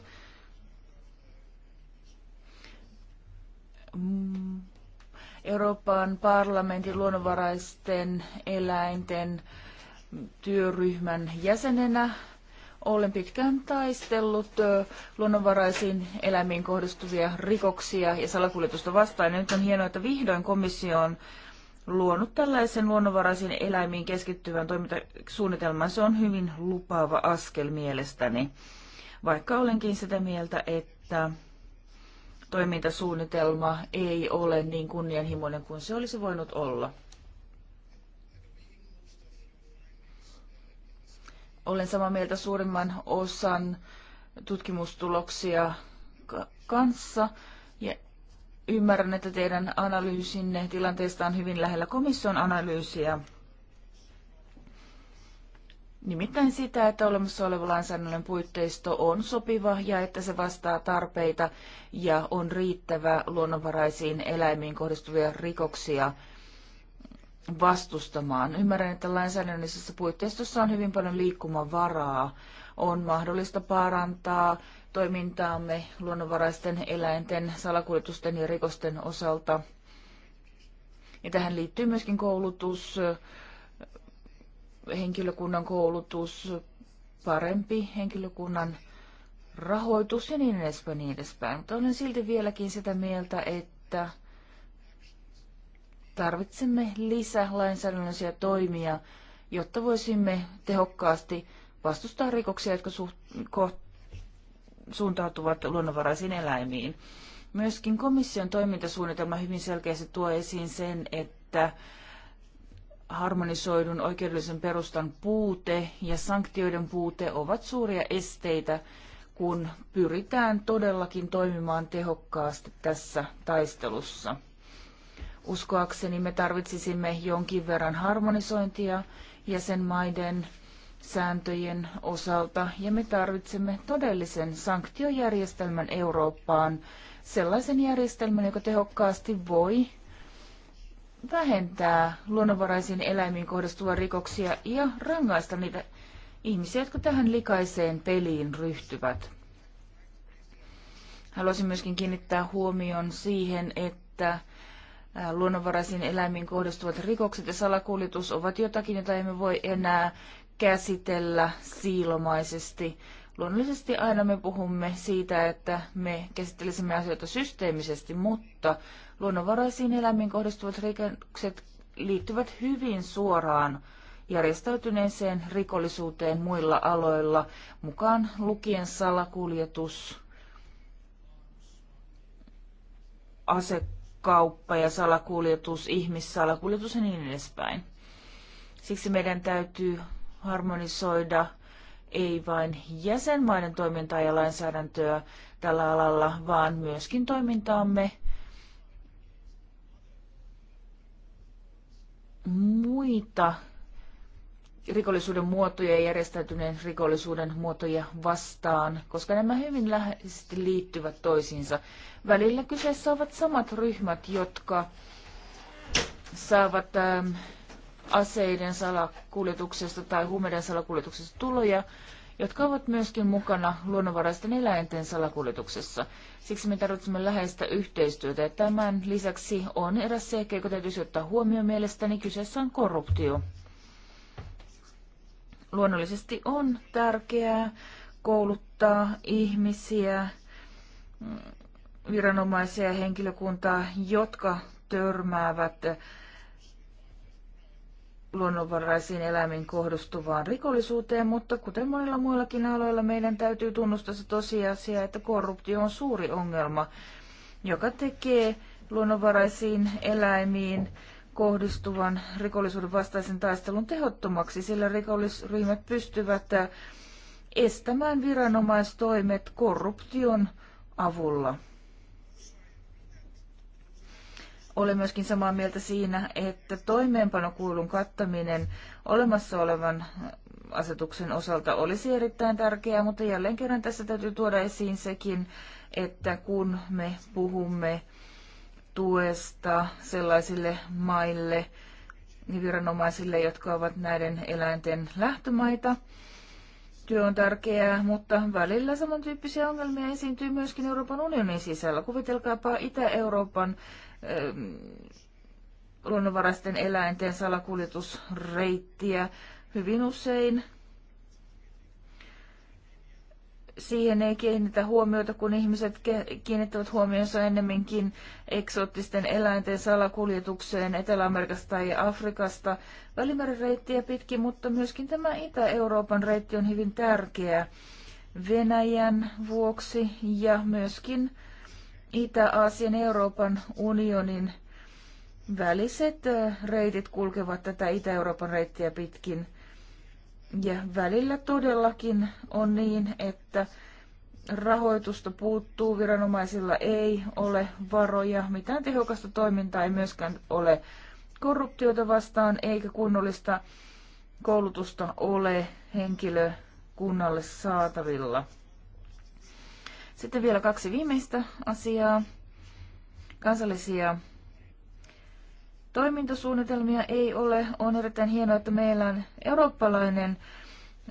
Mm. Euroopan parlamentin luonnonvaraisten eläinten työryhmän jäsenenä olen pitkään taistellut luonnonvaraisiin eläimiin kohdistuvia rikoksia ja salakuljetusta vastaan. Ja nyt on hienoa, että vihdoin komissio on luonut tällaisen luonnonvaraisiin eläimiin keskittyvän toimintasuunnitelman. Se on hyvin lupaava askel mielestäni, vaikka olenkin sitä mieltä, että toimintasuunnitelma ei ole niin kunnianhimoinen kuin se olisi voinut olla. Olen samaa mieltä suurimman osan tutkimustuloksia kanssa Ymmärrän, että teidän analyysinne tilanteesta on hyvin lähellä komission analyysiä. Nimittäin sitä, että olemassa oleva lainsäädännön puitteisto on sopiva ja että se vastaa tarpeita ja on riittävä luonnonvaraisiin eläimiin kohdistuvia rikoksia vastustamaan. Ymmärrän, että lainsäädännöllisessä puitteistossa on hyvin paljon liikkumavaraa. On mahdollista parantaa toimintaamme luonnonvaraisten eläinten, salakuljetusten ja rikosten osalta. Ja tähän liittyy myöskin koulutus, henkilökunnan koulutus, parempi henkilökunnan rahoitus ja niin edespäin, niin edespäin. Mutta olen silti vieläkin sitä mieltä, että tarvitsemme lisälainsäädännöllisiä toimia, jotta voisimme tehokkaasti vastustaa rikoksia, jotka suht- suuntautuvat luonnonvaraisiin eläimiin. Myöskin komission toimintasuunnitelma hyvin selkeästi tuo esiin sen, että harmonisoidun oikeudellisen perustan puute ja sanktioiden puute ovat suuria esteitä, kun pyritään todellakin toimimaan tehokkaasti tässä taistelussa. Uskoakseni me tarvitsisimme jonkin verran harmonisointia jäsenmaiden sääntöjen osalta ja me tarvitsemme todellisen sanktiojärjestelmän Eurooppaan, sellaisen järjestelmän, joka tehokkaasti voi vähentää luonnonvaraisiin eläimiin kohdistuvia rikoksia ja rangaista niitä ihmisiä, jotka tähän likaiseen peliin ryhtyvät. Haluaisin myöskin kiinnittää huomion siihen, että luonnonvaraisiin eläimiin kohdistuvat rikokset ja salakuljetus ovat jotakin, jota emme voi enää käsitellä siilomaisesti. Luonnollisesti aina me puhumme siitä, että me käsittelisimme asioita systeemisesti, mutta luonnonvaraisiin eläimiin kohdistuvat rikokset liittyvät hyvin suoraan järjestäytyneeseen rikollisuuteen muilla aloilla, mukaan lukien salakuljetus, asekauppa ja salakuljetus, ihmissalakuljetus ja niin edespäin. Siksi meidän täytyy harmonisoida ei vain jäsenmaiden toimintaa ja lainsäädäntöä tällä alalla, vaan myöskin toimintaamme muita rikollisuuden muotoja ja järjestäytyneen rikollisuuden muotoja vastaan, koska nämä hyvin läheisesti liittyvät toisiinsa. Välillä kyseessä ovat samat ryhmät, jotka saavat ähm, aseiden salakuljetuksesta tai huumeiden salakuljetuksesta tuloja, jotka ovat myöskin mukana luonnonvaraisten eläinten salakuljetuksessa. Siksi me tarvitsemme läheistä yhteistyötä ja tämän lisäksi on eräs seikka, joka täytyisi ottaa huomioon mielestäni, kyseessä on korruptio. Luonnollisesti on tärkeää kouluttaa ihmisiä, mm, viranomaisia ja henkilökuntaa, jotka törmäävät luonnonvaraisiin eläimiin kohdistuvaan rikollisuuteen, mutta kuten monilla muillakin aloilla meidän täytyy tunnustaa se tosiasia, että korruptio on suuri ongelma, joka tekee luonnonvaraisiin eläimiin kohdistuvan rikollisuuden vastaisen taistelun tehottomaksi, sillä rikollisryhmät pystyvät estämään viranomaistoimet korruption avulla. Olen myöskin samaa mieltä siinä, että toimeenpanokuulun kattaminen olemassa olevan äh, asetuksen osalta olisi erittäin tärkeää, mutta jälleen kerran tässä täytyy tuoda esiin sekin, että kun me puhumme tuesta sellaisille maille ja niin viranomaisille, jotka ovat näiden eläinten lähtömaita, työ on tärkeää, mutta välillä samantyyppisiä ongelmia esiintyy myöskin Euroopan unionin sisällä. Kuvitelkaapa Itä-Euroopan luonnonvaraisten eläinten salakuljetusreittiä hyvin usein. Siihen ei kiinnitä huomiota, kun ihmiset kiinnittävät huomionsa ennemminkin eksoottisten eläinten salakuljetukseen Etelä-Amerikasta tai Afrikasta Välimeren reittiä pitkin, mutta myöskin tämä Itä-Euroopan reitti on hyvin tärkeä Venäjän vuoksi ja myöskin Itä-Aasian Euroopan unionin väliset reitit kulkevat tätä Itä-Euroopan reittiä pitkin. Ja välillä todellakin on niin, että rahoitusta puuttuu, viranomaisilla ei ole varoja, mitään tehokasta toimintaa ei myöskään ole korruptiota vastaan, eikä kunnollista koulutusta ole henkilökunnalle saatavilla. Sitten vielä kaksi viimeistä asiaa. Kansallisia toimintasuunnitelmia ei ole. On erittäin hienoa, että meillä on eurooppalainen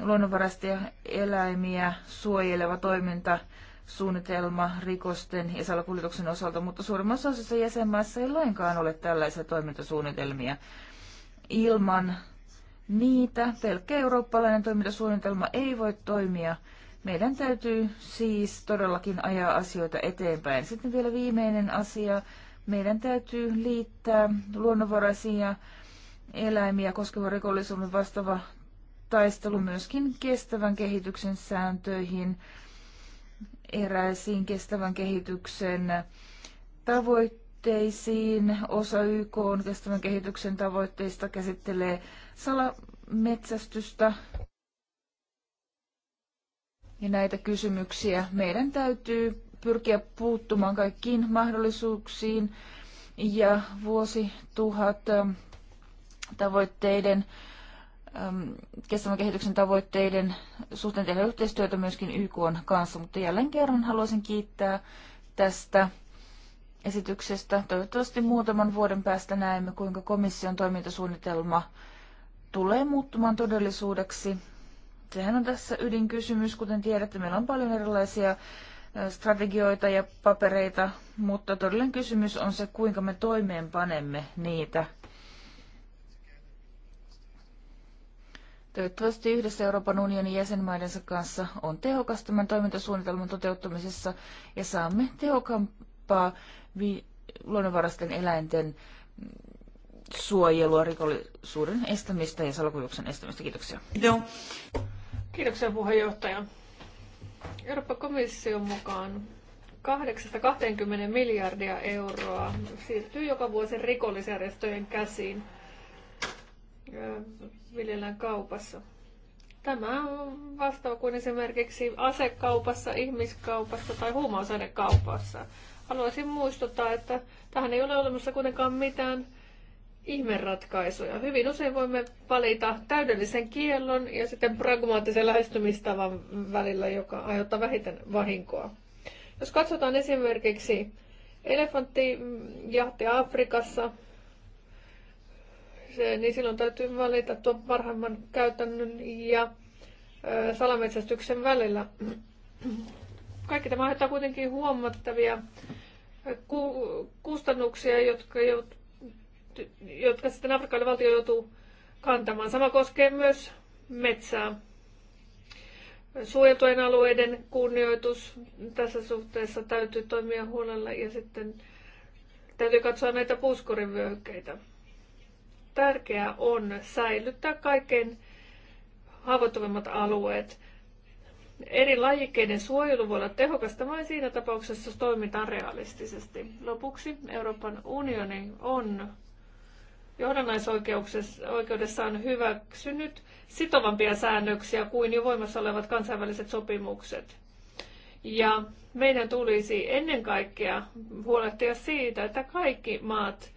luonnonvarasta ja eläimiä suojeleva toimintasuunnitelma rikosten ja salakuljetuksen osalta, mutta suurimmassa osassa jäsenmaissa ei lainkaan ole tällaisia toimintasuunnitelmia. Ilman niitä pelkkä eurooppalainen toimintasuunnitelma ei voi toimia meidän täytyy siis todellakin ajaa asioita eteenpäin. Sitten vielä viimeinen asia. Meidän täytyy liittää luonnonvaraisia eläimiä koskeva rikollisuuden vastaava taistelu myöskin kestävän kehityksen sääntöihin, eräisiin kestävän kehityksen tavoitteisiin. Osa YK on kestävän kehityksen tavoitteista käsittelee salametsästystä, ja näitä kysymyksiä. Meidän täytyy pyrkiä puuttumaan kaikkiin mahdollisuuksiin ja vuosituhat ähm, tavoitteiden, ähm, kestävän kehityksen tavoitteiden suhteen tehdä yhteistyötä myöskin YK kanssa. Mutta jälleen kerran haluaisin kiittää tästä esityksestä. Toivottavasti muutaman vuoden päästä näemme, kuinka komission toimintasuunnitelma tulee muuttumaan todellisuudeksi Sehän on tässä ydinkysymys, kuten tiedätte, meillä on paljon erilaisia strategioita ja papereita, mutta todellinen kysymys on se, kuinka me toimeenpanemme niitä. Toivottavasti yhdessä Euroopan unionin jäsenmaidensa kanssa on tehokas tämän toimintasuunnitelman toteuttamisessa ja saamme tehokampaa vi- eläinten suojelua, rikollisuuden estämistä ja salakuljetuksen estämistä. Kiitoksia. Joo. Kiitoksia puheenjohtaja. Euroopan komission mukaan 8-20 miljardia euroa siirtyy joka vuosi rikollisjärjestöjen käsiin viljellään kaupassa. Tämä on vastaava kuin esimerkiksi asekaupassa, ihmiskaupassa tai huumausainekaupassa. Haluaisin muistuttaa, että tähän ei ole olemassa kuitenkaan mitään ihmeratkaisuja. Hyvin usein voimme valita täydellisen kiellon ja sitten pragmaattisen lähestymistavan välillä, joka aiheuttaa vähiten vahinkoa. Jos katsotaan esimerkiksi elefanttijahti Afrikassa, se, niin silloin täytyy valita tuon parhaimman käytännön ja salametsästyksen välillä. Kaikki tämä aiheuttaa kuitenkin huomattavia kustannuksia, jotka jotka sitten Afrikalle valtio joutuu kantamaan. Sama koskee myös metsää. Suojeltujen alueiden kunnioitus tässä suhteessa täytyy toimia huolella ja sitten täytyy katsoa näitä puskurivyöhykkeitä. Tärkeää on säilyttää kaikkein haavoittuvimmat alueet. Eri lajikkeiden suojelu voi olla tehokasta vain siinä tapauksessa, jos toimitaan realistisesti. Lopuksi Euroopan unioni on johdannaisoikeudessa on hyväksynyt sitovampia säännöksiä kuin jo voimassa olevat kansainväliset sopimukset. Ja meidän tulisi ennen kaikkea huolehtia siitä, että kaikki maat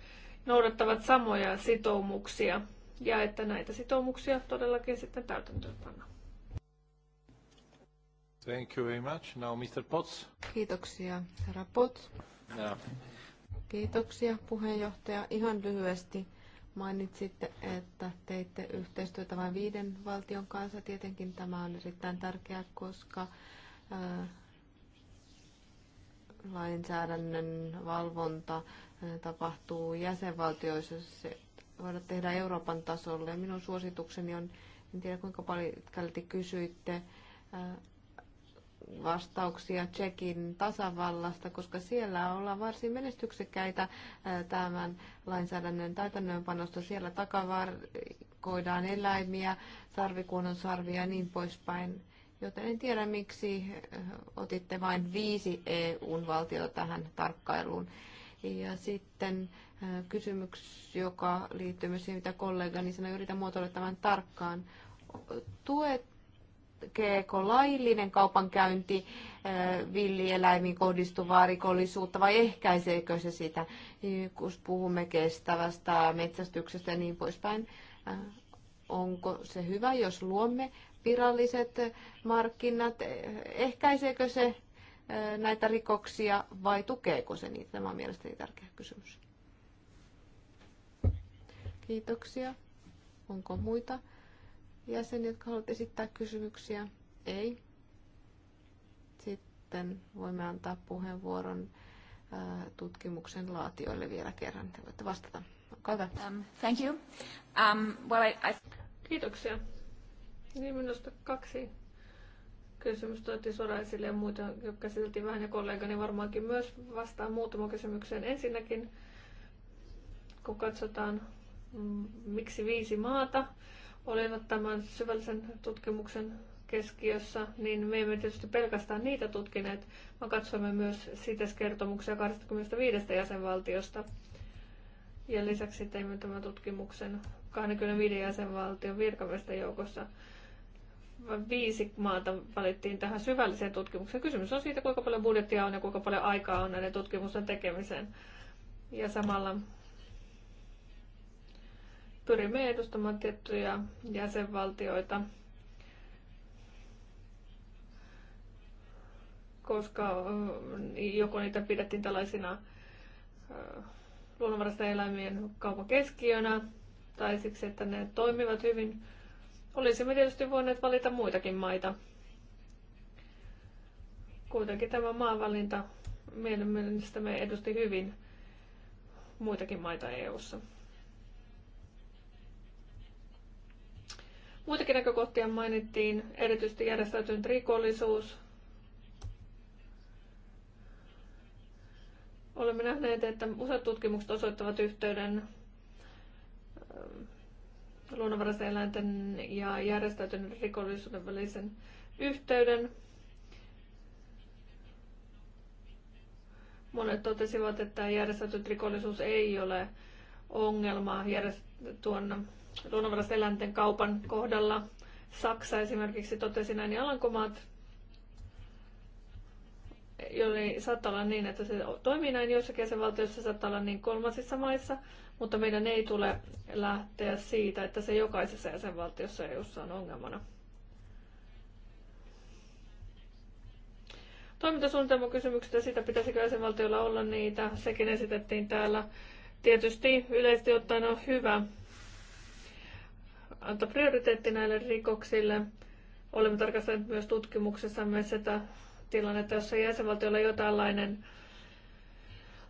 noudattavat samoja sitoumuksia ja että näitä sitoumuksia todellakin sitten täytäntöön pannaan. Thank you very much. Now Mr. Potts. Kiitoksia, herra Potts. Yeah. Kiitoksia, puheenjohtaja. Ihan lyhyesti Mainitsitte, että teitte yhteistyötä vain viiden valtion kanssa. Tietenkin tämä on erittäin tärkeää, koska lainsäädännön valvonta tapahtuu jäsenvaltioissa. Se voidaan tehdä Euroopan tasolle. Minun suositukseni on, en tiedä kuinka paljon kysyitte, vastauksia Tsekin tasavallasta, koska siellä ollaan varsin menestyksekkäitä äh, tämän lainsäädännön täytännöönpanosta. Siellä takavarkoidaan eläimiä, sarvikuonon sarvia ja niin poispäin. Joten en tiedä, miksi äh, otitte vain viisi EU-valtiota tähän tarkkailuun. Ja sitten äh, kysymys, joka liittyy myös siihen, mitä kollegani sanoi, yritän muotoilla tämän tarkkaan. Tuet koskeeko laillinen kaupankäynti eh, villieläimiin kohdistuvaa rikollisuutta vai ehkäiseekö se sitä, kun puhumme kestävästä metsästyksestä ja niin poispäin. Eh, onko se hyvä, jos luomme viralliset markkinat? Ehkäiseekö se eh, näitä rikoksia vai tukeeko se niitä? Tämä on mielestäni tärkeä kysymys. Kiitoksia. Onko muita jäseniä, jotka haluat esittää kysymyksiä? Ei. Sitten voimme antaa puheenvuoron äh, tutkimuksen laatioille vielä kerran. Te voitte vastata. Olkaa hyvä. Um, thank you. Um, well, I, I... Kiitoksia. Niin minusta kaksi kysymystä otti suoraan esille ja muita, jotka käsiteltiin vähän ja kollegani varmaankin myös vastaan muutama kysymykseen. Ensinnäkin, kun katsotaan, mm, miksi viisi maata, olivat tämän syvällisen tutkimuksen keskiössä, niin me emme tietysti pelkästään niitä tutkineet, vaan katsoimme myös CITES-kertomuksia 25 jäsenvaltiosta. Ja lisäksi teimme tämän tutkimuksen 25 jäsenvaltion virkamiesten joukossa. Viisi maata valittiin tähän syvälliseen tutkimukseen. Kysymys on siitä, kuinka paljon budjettia on ja kuinka paljon aikaa on näiden tutkimusten tekemiseen. Ja samalla pyrimme edustamaan tiettyjä jäsenvaltioita, koska joko niitä pidettiin tällaisina luonnonvaraisten eläimien kaupakeskiönä tai siksi, että ne toimivat hyvin. Olisimme tietysti voineet valita muitakin maita. Kuitenkin tämä maanvalinta mielestämme edusti hyvin muitakin maita EU:ssa. Muitakin näkökohtia mainittiin, erityisesti järjestäytynyt rikollisuus. Olemme nähneet, että useat tutkimukset osoittavat yhteyden ähm, luonnonvaraisen eläinten ja järjestäytyneen rikollisuuden välisen yhteyden. Monet totesivat, että järjestäytynyt rikollisuus ei ole ongelma järjest- tuon luonnonvaraisten kaupan kohdalla. Saksa esimerkiksi totesi näin niin Alankomaat, jolloin saattaa olla niin, että se toimii näin joissakin jäsenvaltioissa, saattaa olla niin kolmansissa maissa, mutta meidän ei tule lähteä siitä, että se jokaisessa jäsenvaltiossa ei on ongelmana. Toimintasuunnitelmakysymykset ja sitä pitäisikö jäsenvaltiolla olla niitä, sekin esitettiin täällä. Tietysti yleisesti ottaen on hyvä, antaa prioriteetti näille rikoksille. Olemme tarkastaneet myös tutkimuksessamme sitä tilannetta, jossa jäsenvaltiolla jotainlainen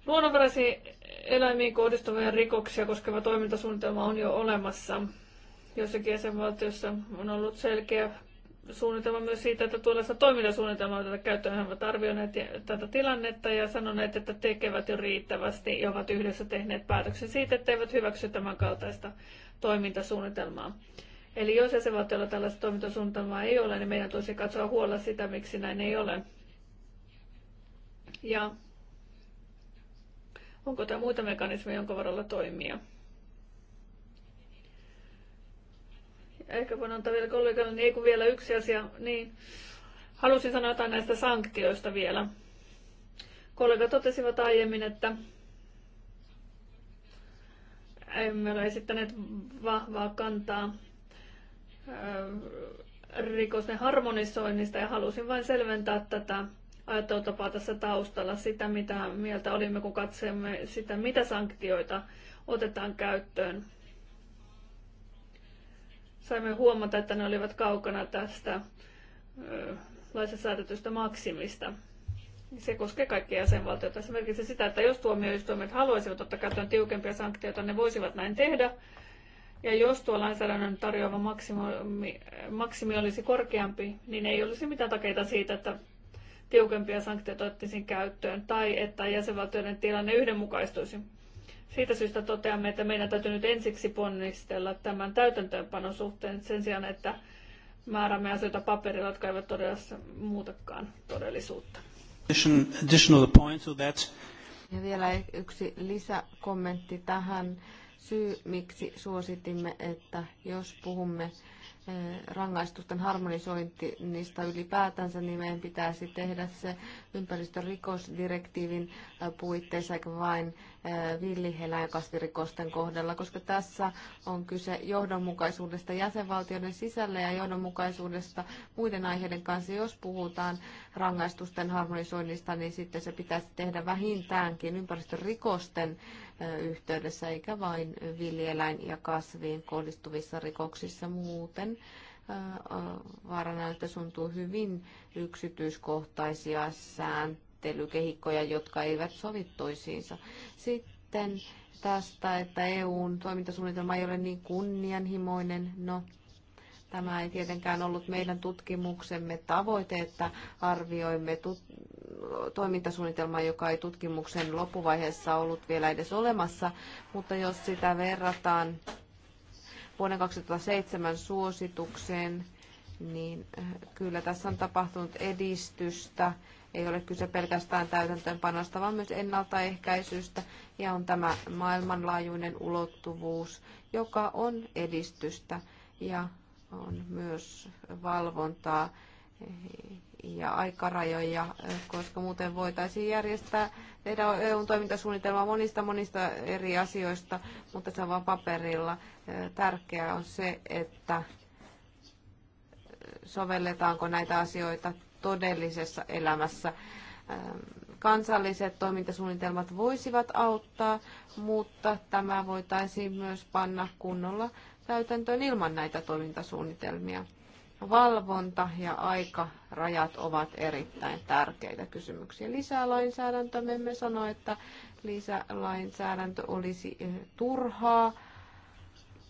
luonnonvaraisiin eläimiin kohdistuvia rikoksia koskeva toimintasuunnitelma on jo olemassa. Jossakin jäsenvaltiossa on ollut selkeä suunnitelma myös siitä, että tuollaista toimintasuunnitelmaa tätä käyttöön he ovat arvioineet tätä tilannetta ja sanoneet, että tekevät jo riittävästi ja ovat yhdessä tehneet päätöksen siitä, että eivät hyväksy tämän kaltaista toimintasuunnitelmaa. Eli jos jäsenvaltiolla tällaista toimintasuunnitelmaa ei ole, niin meidän tulisi katsoa huolella sitä, miksi näin ei ole. Ja onko tämä muita mekanismeja, jonka varalla toimia? Ehkä voin antaa vielä kollegalle, niin ei kun vielä yksi asia, niin halusin sanoa jotain näistä sanktioista vielä. Kollega totesivat aiemmin, että emme ole esittäneet vahvaa kantaa rikosten harmonisoinnista ja halusin vain selventää tätä ajattelutapaa tässä taustalla, sitä mitä mieltä olimme, kun katsemme sitä, mitä sanktioita otetaan käyttöön. Saimme huomata, että ne olivat kaukana tästä laissa säädetystä maksimista. Se koskee kaikkia jäsenvaltioita. Se merkitsee sitä, että jos tuomioistuimet haluaisivat ottaa käyttöön tiukempia sanktioita, ne voisivat näin tehdä. Ja jos tuo lainsäädännön tarjoava maksimi, maksimi olisi korkeampi, niin ei olisi mitään takeita siitä, että tiukempia sanktioita ottaisiin käyttöön tai että jäsenvaltioiden tilanne yhdenmukaistuisi. Siitä syystä toteamme, että meidän täytyy nyt ensiksi ponnistella tämän täytäntöönpanon suhteen sen sijaan, että määrämme asioita paperilla, jotka eivät todella muutakaan todellisuutta. Ja vielä yksi lisäkommentti tähän. Syy, miksi suositimme, että jos puhumme eh, rangaistusten harmonisoinnista ylipäätänsä, niin meidän pitäisi tehdä se ympäristörikosdirektiivin eh, puitteissa eikä vain Äh, villieläinkasvirikosten kohdalla, koska tässä on kyse johdonmukaisuudesta jäsenvaltioiden sisällä ja johdonmukaisuudesta muiden aiheiden kanssa. Jos puhutaan rangaistusten harmonisoinnista, niin sitten se pitäisi tehdä vähintäänkin ympäristörikosten äh, yhteydessä, eikä vain villieläin- ja kasviin kohdistuvissa rikoksissa muuten äh, vaarana, että suntuu hyvin yksityiskohtaisia sääntöjä käsittelykehikkoja, jotka eivät sovi toisiinsa. Sitten tästä, että EUn toimintasuunnitelma ei ole niin kunnianhimoinen. No, tämä ei tietenkään ollut meidän tutkimuksemme tavoite, että arvioimme tut- toimintasuunnitelmaa, joka ei tutkimuksen loppuvaiheessa ollut vielä edes olemassa, mutta jos sitä verrataan vuonna 2007 suositukseen, niin äh, kyllä tässä on tapahtunut edistystä ei ole kyse pelkästään täytäntöönpanosta, vaan myös ennaltaehkäisystä ja on tämä maailmanlaajuinen ulottuvuus, joka on edistystä ja on myös valvontaa ja aikarajoja, koska muuten voitaisiin järjestää, tehdä eu toimintasuunnitelmaa monista monista eri asioista, mutta se on vain paperilla. Tärkeää on se, että sovelletaanko näitä asioita todellisessa elämässä. Ähm, kansalliset toimintasuunnitelmat voisivat auttaa, mutta tämä voitaisiin myös panna kunnolla täytäntöön ilman näitä toimintasuunnitelmia. Valvonta ja aikarajat ovat erittäin tärkeitä kysymyksiä. Lisälainsäädäntö, me emme sano, että lisälainsäädäntö olisi eh, turhaa,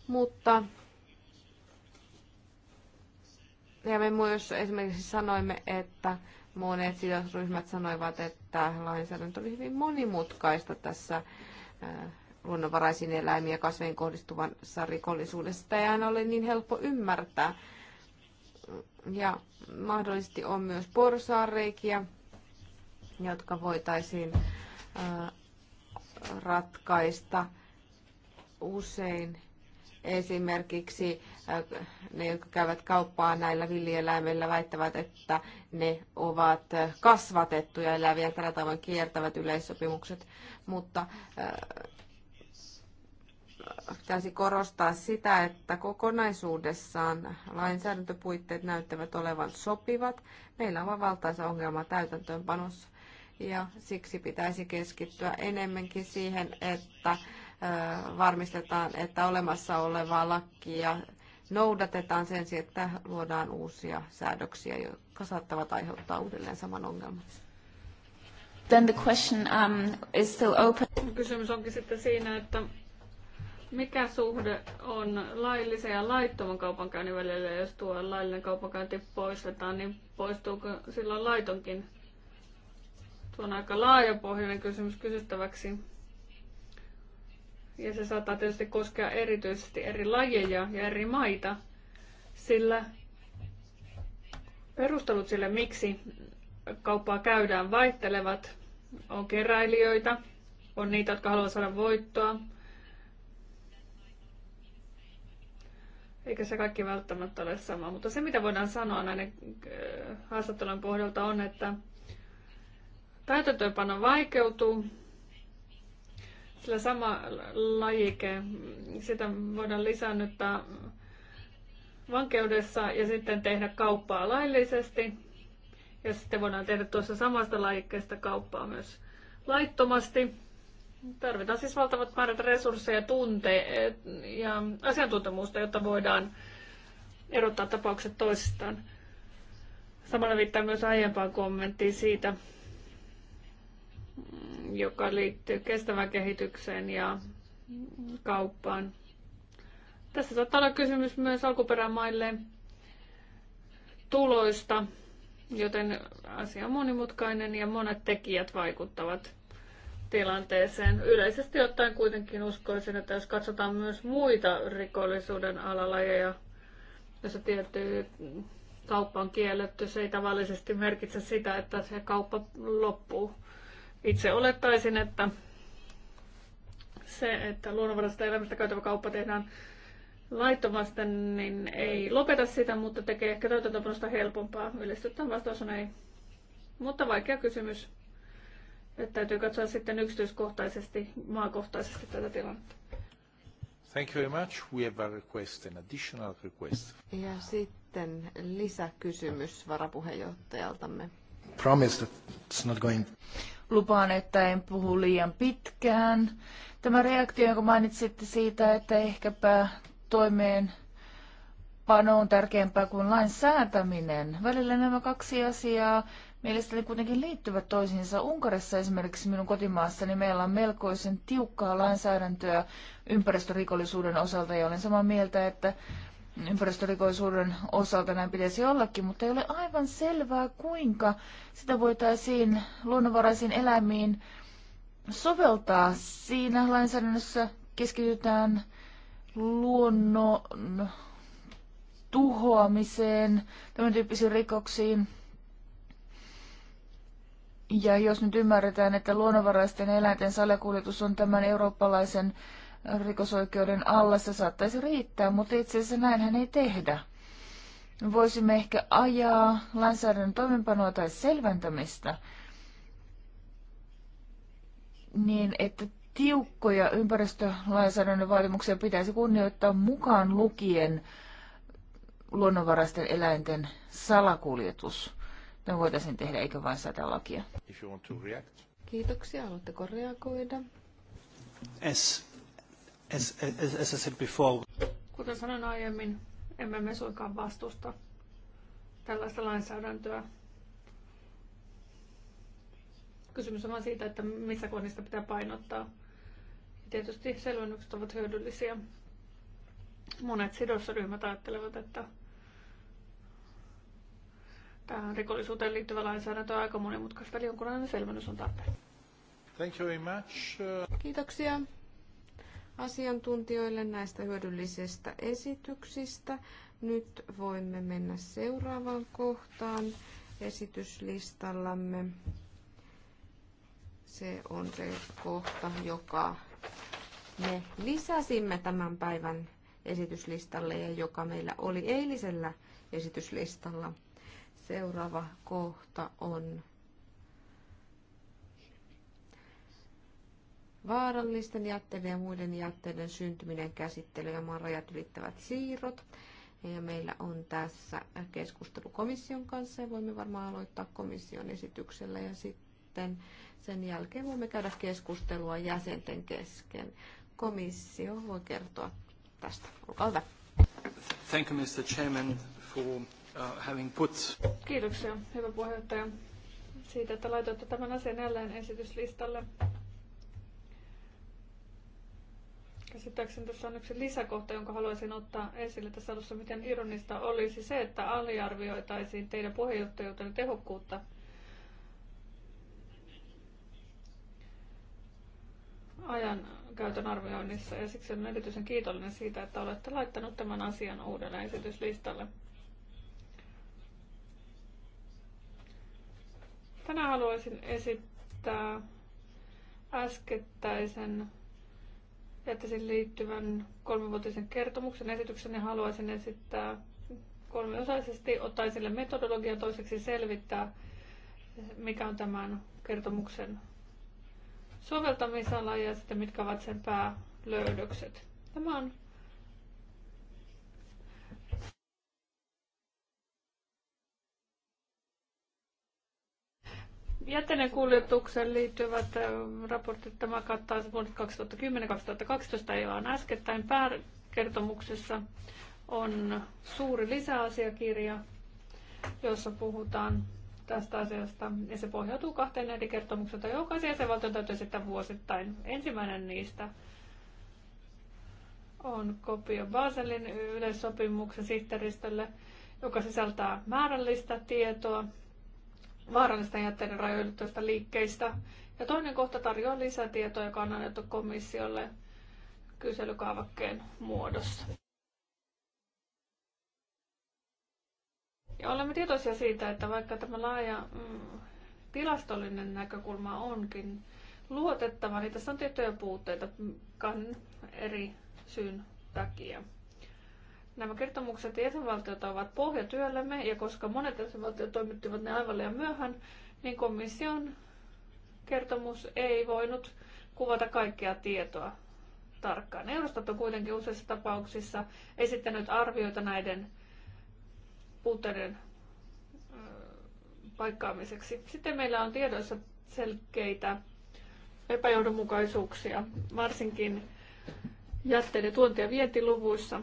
mutta ja me myös esimerkiksi sanoimme, että monet sidosryhmät sanoivat, että lainsäädäntö oli hyvin monimutkaista tässä äh, luonnonvaraisiin eläimiin ja kasveihin kohdistuvassa rikollisuudessa. Tämä ei aina ole niin helppo ymmärtää. Ja mahdollisesti on myös porsaareikiä, jotka voitaisiin äh, ratkaista usein esimerkiksi Äh, ne, jotka käyvät kauppaa näillä villieläimillä, väittävät, että ne ovat äh, kasvatettuja eläviä. Tällä tavoin kiertävät yleissopimukset, mutta äh, pitäisi korostaa sitä, että kokonaisuudessaan lainsäädäntöpuitteet näyttävät olevan sopivat. Meillä on valtaisa ongelma täytäntöönpanossa ja siksi pitäisi keskittyä enemmänkin siihen, että varmistetaan, että olemassa olevaa lakia noudatetaan sen sijaan, että luodaan uusia säädöksiä, jotka saattavat aiheuttaa uudelleen saman ongelman. Then the question um, is still open. Kysymys onkin sitten siinä, että mikä suhde on laillisen ja laittoman kaupankäynnin välillä, jos tuo laillinen kaupankäynti poistetaan, niin poistuuko silloin laitonkin? Tuo on aika laajapohjainen kysymys kysyttäväksi ja se saattaa tietysti koskea erityisesti eri lajeja ja eri maita, sillä perustelut sille, miksi kauppaa käydään, vaihtelevat. On keräilijöitä, on niitä, jotka haluavat saada voittoa. Eikä se kaikki välttämättä ole sama, mutta se mitä voidaan sanoa näiden äh, haastattelujen kohdalta on, että täytäntöönpano vaikeutuu, sillä sama lajike, sitä voidaan lisännyttää vankeudessa ja sitten tehdä kauppaa laillisesti. Ja sitten voidaan tehdä tuossa samasta lajikkeesta kauppaa myös laittomasti. Tarvitaan siis valtavat määrät resursseja, tunte ja asiantuntemusta, jotta voidaan erottaa tapaukset toisistaan. Samalla viittaa myös aiempaan kommenttiin siitä, joka liittyy kestävään kehitykseen ja kauppaan. Tässä saattaa olla kysymys myös alkuperämaille tuloista, joten asia on monimutkainen ja monet tekijät vaikuttavat tilanteeseen. Yleisesti ottaen kuitenkin uskoisin, että jos katsotaan myös muita rikollisuuden alalajeja, jossa tietty kauppa on kielletty, se ei tavallisesti merkitse sitä, että se kauppa loppuu. Itse olettaisin, että se, että luonnonvaraista elämästä käytävä kauppa tehdään laittomasti, niin ei lopeta sitä, mutta tekee ehkä täytäntöönpanosta helpompaa. Yleistetään vastaus on ei. Mutta vaikea kysymys. Että täytyy katsoa sitten yksityiskohtaisesti, maakohtaisesti tätä tilannetta. Thank you very much. We have a request, an additional request. Ja sitten lisäkysymys varapuheenjohtajaltamme promise that it's not going... Lupaan, että en puhu liian pitkään. Tämä reaktio, jonka mainitsitte siitä, että ehkäpä toimeen pano on tärkeämpää kuin lain säätäminen. Välillä nämä kaksi asiaa mielestäni kuitenkin liittyvät toisiinsa. Unkarissa esimerkiksi minun kotimaassani meillä on melkoisen tiukkaa lainsäädäntöä ympäristörikollisuuden osalta ja olen samaa mieltä, että ympäristörikollisuuden osalta näin pitäisi ollakin, mutta ei ole aivan selvää, kuinka sitä voitaisiin luonnonvaraisiin eläimiin soveltaa. Siinä lainsäädännössä keskitytään luonnon tuhoamiseen, tämän tyyppisiin rikoksiin. Ja jos nyt ymmärretään, että luonnonvaraisten eläinten salakuljetus on tämän eurooppalaisen rikosoikeuden alla, se saattaisi riittää, mutta itse asiassa näinhän ei tehdä. Voisimme ehkä ajaa lainsäädännön toimenpanoa tai selventämistä niin, että tiukkoja ympäristölainsäädännön vaatimuksia pitäisi kunnioittaa mukaan lukien luonnonvaraisten eläinten salakuljetus. Tämä voitaisiin tehdä, eikä vain sata lakia. Kiitoksia. Haluatteko reagoida? As As, as, as I said before. Kuten sanoin aiemmin, emme me suinkaan vastusta tällaista lainsäädäntöä. Kysymys on vain siitä, että missä kohdista pitää painottaa. tietysti selvennykset ovat hyödyllisiä. Monet sidosryhmät ajattelevat, että tähän rikollisuuteen liittyvä lainsäädäntö on aika monimutkaista, eli jonkunlainen selvennys on tarpeen. Thank you very much. Kiitoksia asiantuntijoille näistä hyödyllisistä esityksistä. Nyt voimme mennä seuraavaan kohtaan esityslistallamme. Se on se kohta, joka me lisäsimme tämän päivän esityslistalle ja joka meillä oli eilisellä esityslistalla. Seuraava kohta on vaarallisten jätteiden ja muiden jätteiden syntyminen, käsittely ja maan rajat ylittävät siirrot. Ja meillä on tässä keskustelu komission kanssa ja voimme varmaan aloittaa komission esityksellä ja sitten sen jälkeen voimme käydä keskustelua jäsenten kesken. Komissio voi kertoa tästä. Olkaa hyvä. Thank you, Mr. Chairman, for uh, having put... Kiitoksia, hyvä puheenjohtaja, siitä, että laitoitte tämän asian jälleen esityslistalle. Käsittääkseni tässä on yksi lisäkohta, jonka haluaisin ottaa esille tässä alussa, miten ironista olisi se, että aliarvioitaisiin teidän puheenjohtajuutenne tehokkuutta. ajan käytön arvioinnissa ja siksi olen erityisen kiitollinen siitä, että olette laittanut tämän asian uudelle esityslistalle. Tänään haluaisin esittää äskettäisen että sen liittyvän kolmivuotisen kertomuksen esityksen ja haluaisin esittää kolmiosaisesti, ottaa esille metodologia, toiseksi selvittää, mikä on tämän kertomuksen soveltamisala ja sitten mitkä ovat sen päälöydökset. Tämä on Jätteiden kuljetukseen liittyvät ähm, raportit, tämä kattaa vuodet 2010-2012, ei vaan äskettäin pääkertomuksessa on suuri lisäasiakirja, jossa puhutaan tästä asiasta, ja se pohjautuu kahteen eri kertomukseen, jokaisen jäsenvaltion täytyy sitten vuosittain. Ensimmäinen niistä on kopio Baselin yleissopimuksen sihteeristölle, joka sisältää määrällistä tietoa vaarallisten jätteiden rajoilyttävistä liikkeistä. Ja toinen kohta tarjoaa lisätietoa, joka on annettu komissiolle kyselykaavakkeen muodossa. Ja olemme tietoisia siitä, että vaikka tämä laaja mm, tilastollinen näkökulma onkin luotettava, niin tässä on tiettyjä puutteita kan eri syyn takia. Nämä kertomukset ja jäsenvaltiot ovat pohjatyöllemme ja koska monet jäsenvaltiot toimittivat ne aivan liian myöhään, niin komission kertomus ei voinut kuvata kaikkea tietoa tarkkaan. Eurostat on kuitenkin useissa tapauksissa esittänyt arvioita näiden puutteiden paikkaamiseksi. Sitten meillä on tiedoissa selkeitä epäjohdonmukaisuuksia, varsinkin jätteiden tuonti- ja vientiluvuissa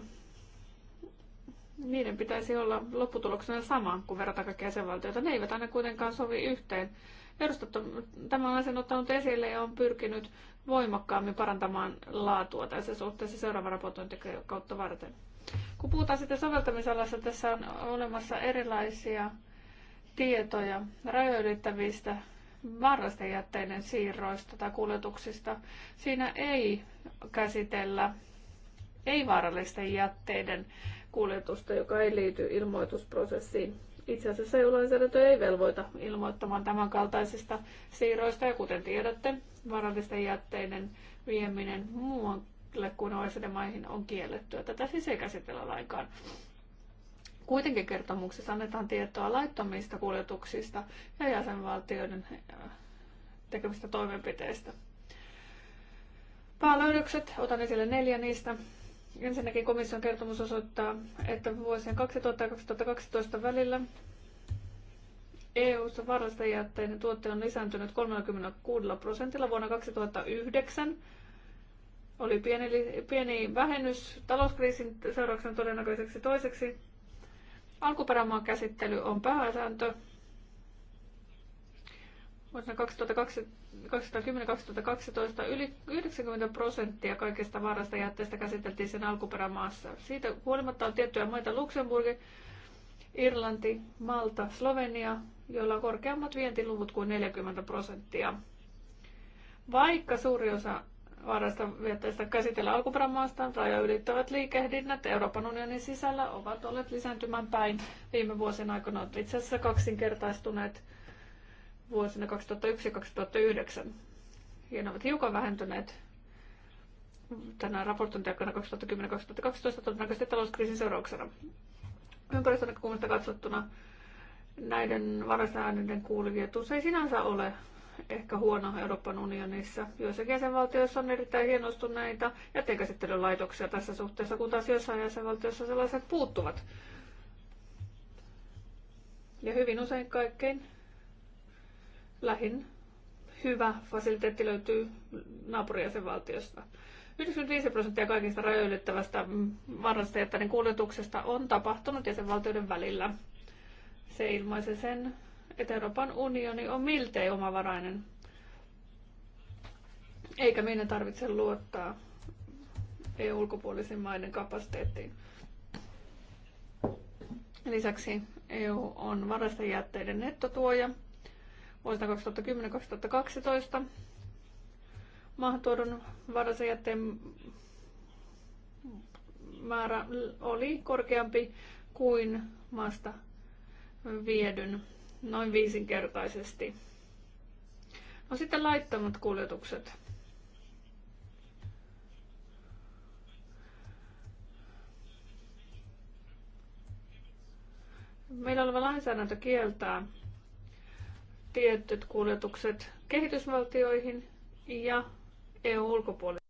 niiden pitäisi olla lopputuloksena sama, kun verrataan kaikkia jäsenvaltioita. Ne eivät aina kuitenkaan sovi yhteen. Eurostattu tämän asian ottanut esille ja on pyrkinyt voimakkaammin parantamaan laatua tässä suhteessa raportointi kautta varten. Kun puhutaan sitten soveltamisalassa, tässä on olemassa erilaisia tietoja rajoittavista vaarallisten jätteiden siirroista tai kuljetuksista. Siinä ei käsitellä ei-vaarallisten jätteiden kuljetusta, joka ei liity ilmoitusprosessiin. Itse asiassa EU-lainsäädäntö ei velvoita ilmoittamaan tämänkaltaisista siirroista ja kuten tiedätte, varallisten jätteiden vieminen muualle kuin OECD-maihin on kiellettyä. Tätä siis ei käsitellä lainkaan. Kuitenkin kertomuksessa annetaan tietoa laittomista kuljetuksista ja jäsenvaltioiden äh, tekemistä toimenpiteistä. Päälöydökset, otan esille neljä niistä. Ensinnäkin komission kertomus osoittaa, että vuosien 2000 ja 2012 välillä EU-ssa vaarallisten tuotte on lisääntynyt 36 prosentilla vuonna 2009. Oli pieni, pieni vähennys talouskriisin seurauksena todennäköiseksi toiseksi. Alkuperämaan käsittely on pääsääntö. Vuosina 2012 2010-2012 yli 90 prosenttia kaikesta varasta jätteestä käsiteltiin sen alkuperämaassa. Siitä huolimatta on tiettyjä maita Luxemburgi, Irlanti, Malta, Slovenia, joilla on korkeammat vientiluvut kuin 40 prosenttia. Vaikka suuri osa varasta jätteestä käsitellä alkuperämaasta, raja ylittävät liikehdinnät Euroopan unionin sisällä ovat olleet lisääntymään päin viime vuosien aikana, itse asiassa kaksinkertaistuneet vuosina 2001-2009. Ja ne ovat hiukan vähentyneet tänä raportointiaikana 2010-2012 todennäköisesti talouskriisin seurauksena. näkökulmasta katsottuna näiden äänyden kuuluvuus ei sinänsä ole ehkä huono Euroopan unionissa. Joissakin jäsenvaltioissa on erittäin hienostuneita laitoksia tässä suhteessa, kun taas joissain jäsenvaltioissa sellaiset puuttuvat. Ja hyvin usein kaikkein lähin hyvä fasiliteetti löytyy naapurijäsenvaltiosta. 95 prosenttia kaikista rajoitettavasta mm, varastajättäinen kuljetuksesta on tapahtunut jäsenvaltioiden välillä. Se ilmaisi sen, että Euroopan unioni on miltei omavarainen, eikä meidän tarvitse luottaa EU-ulkopuolisen maiden kapasiteettiin. Lisäksi EU on varastajätteiden nettotuoja – vuosina 2010-2012 maahantuodon varasejätteen määrä oli korkeampi kuin maasta viedyn noin viisinkertaisesti. No sitten laittomat kuljetukset. Meillä oleva lainsäädäntö kieltää tietyt kuljetukset kehitysvaltioihin ja EU-ulkopuolelle.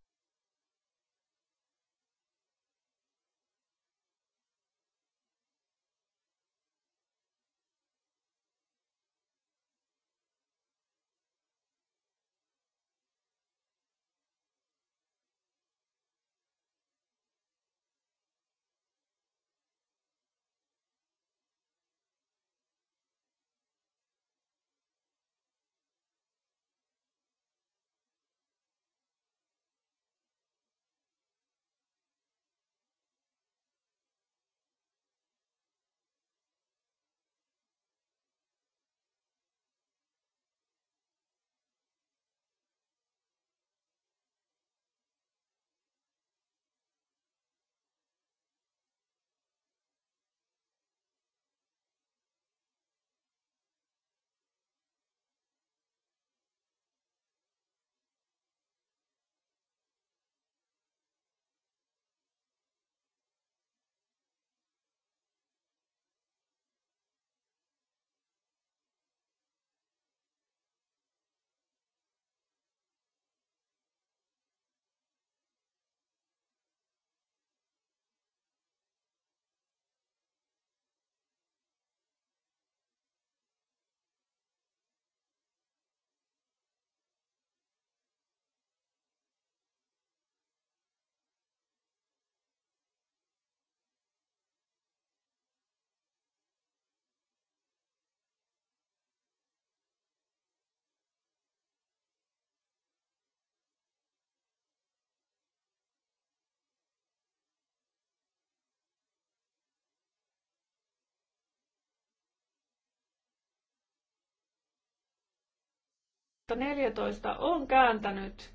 2014 on kääntänyt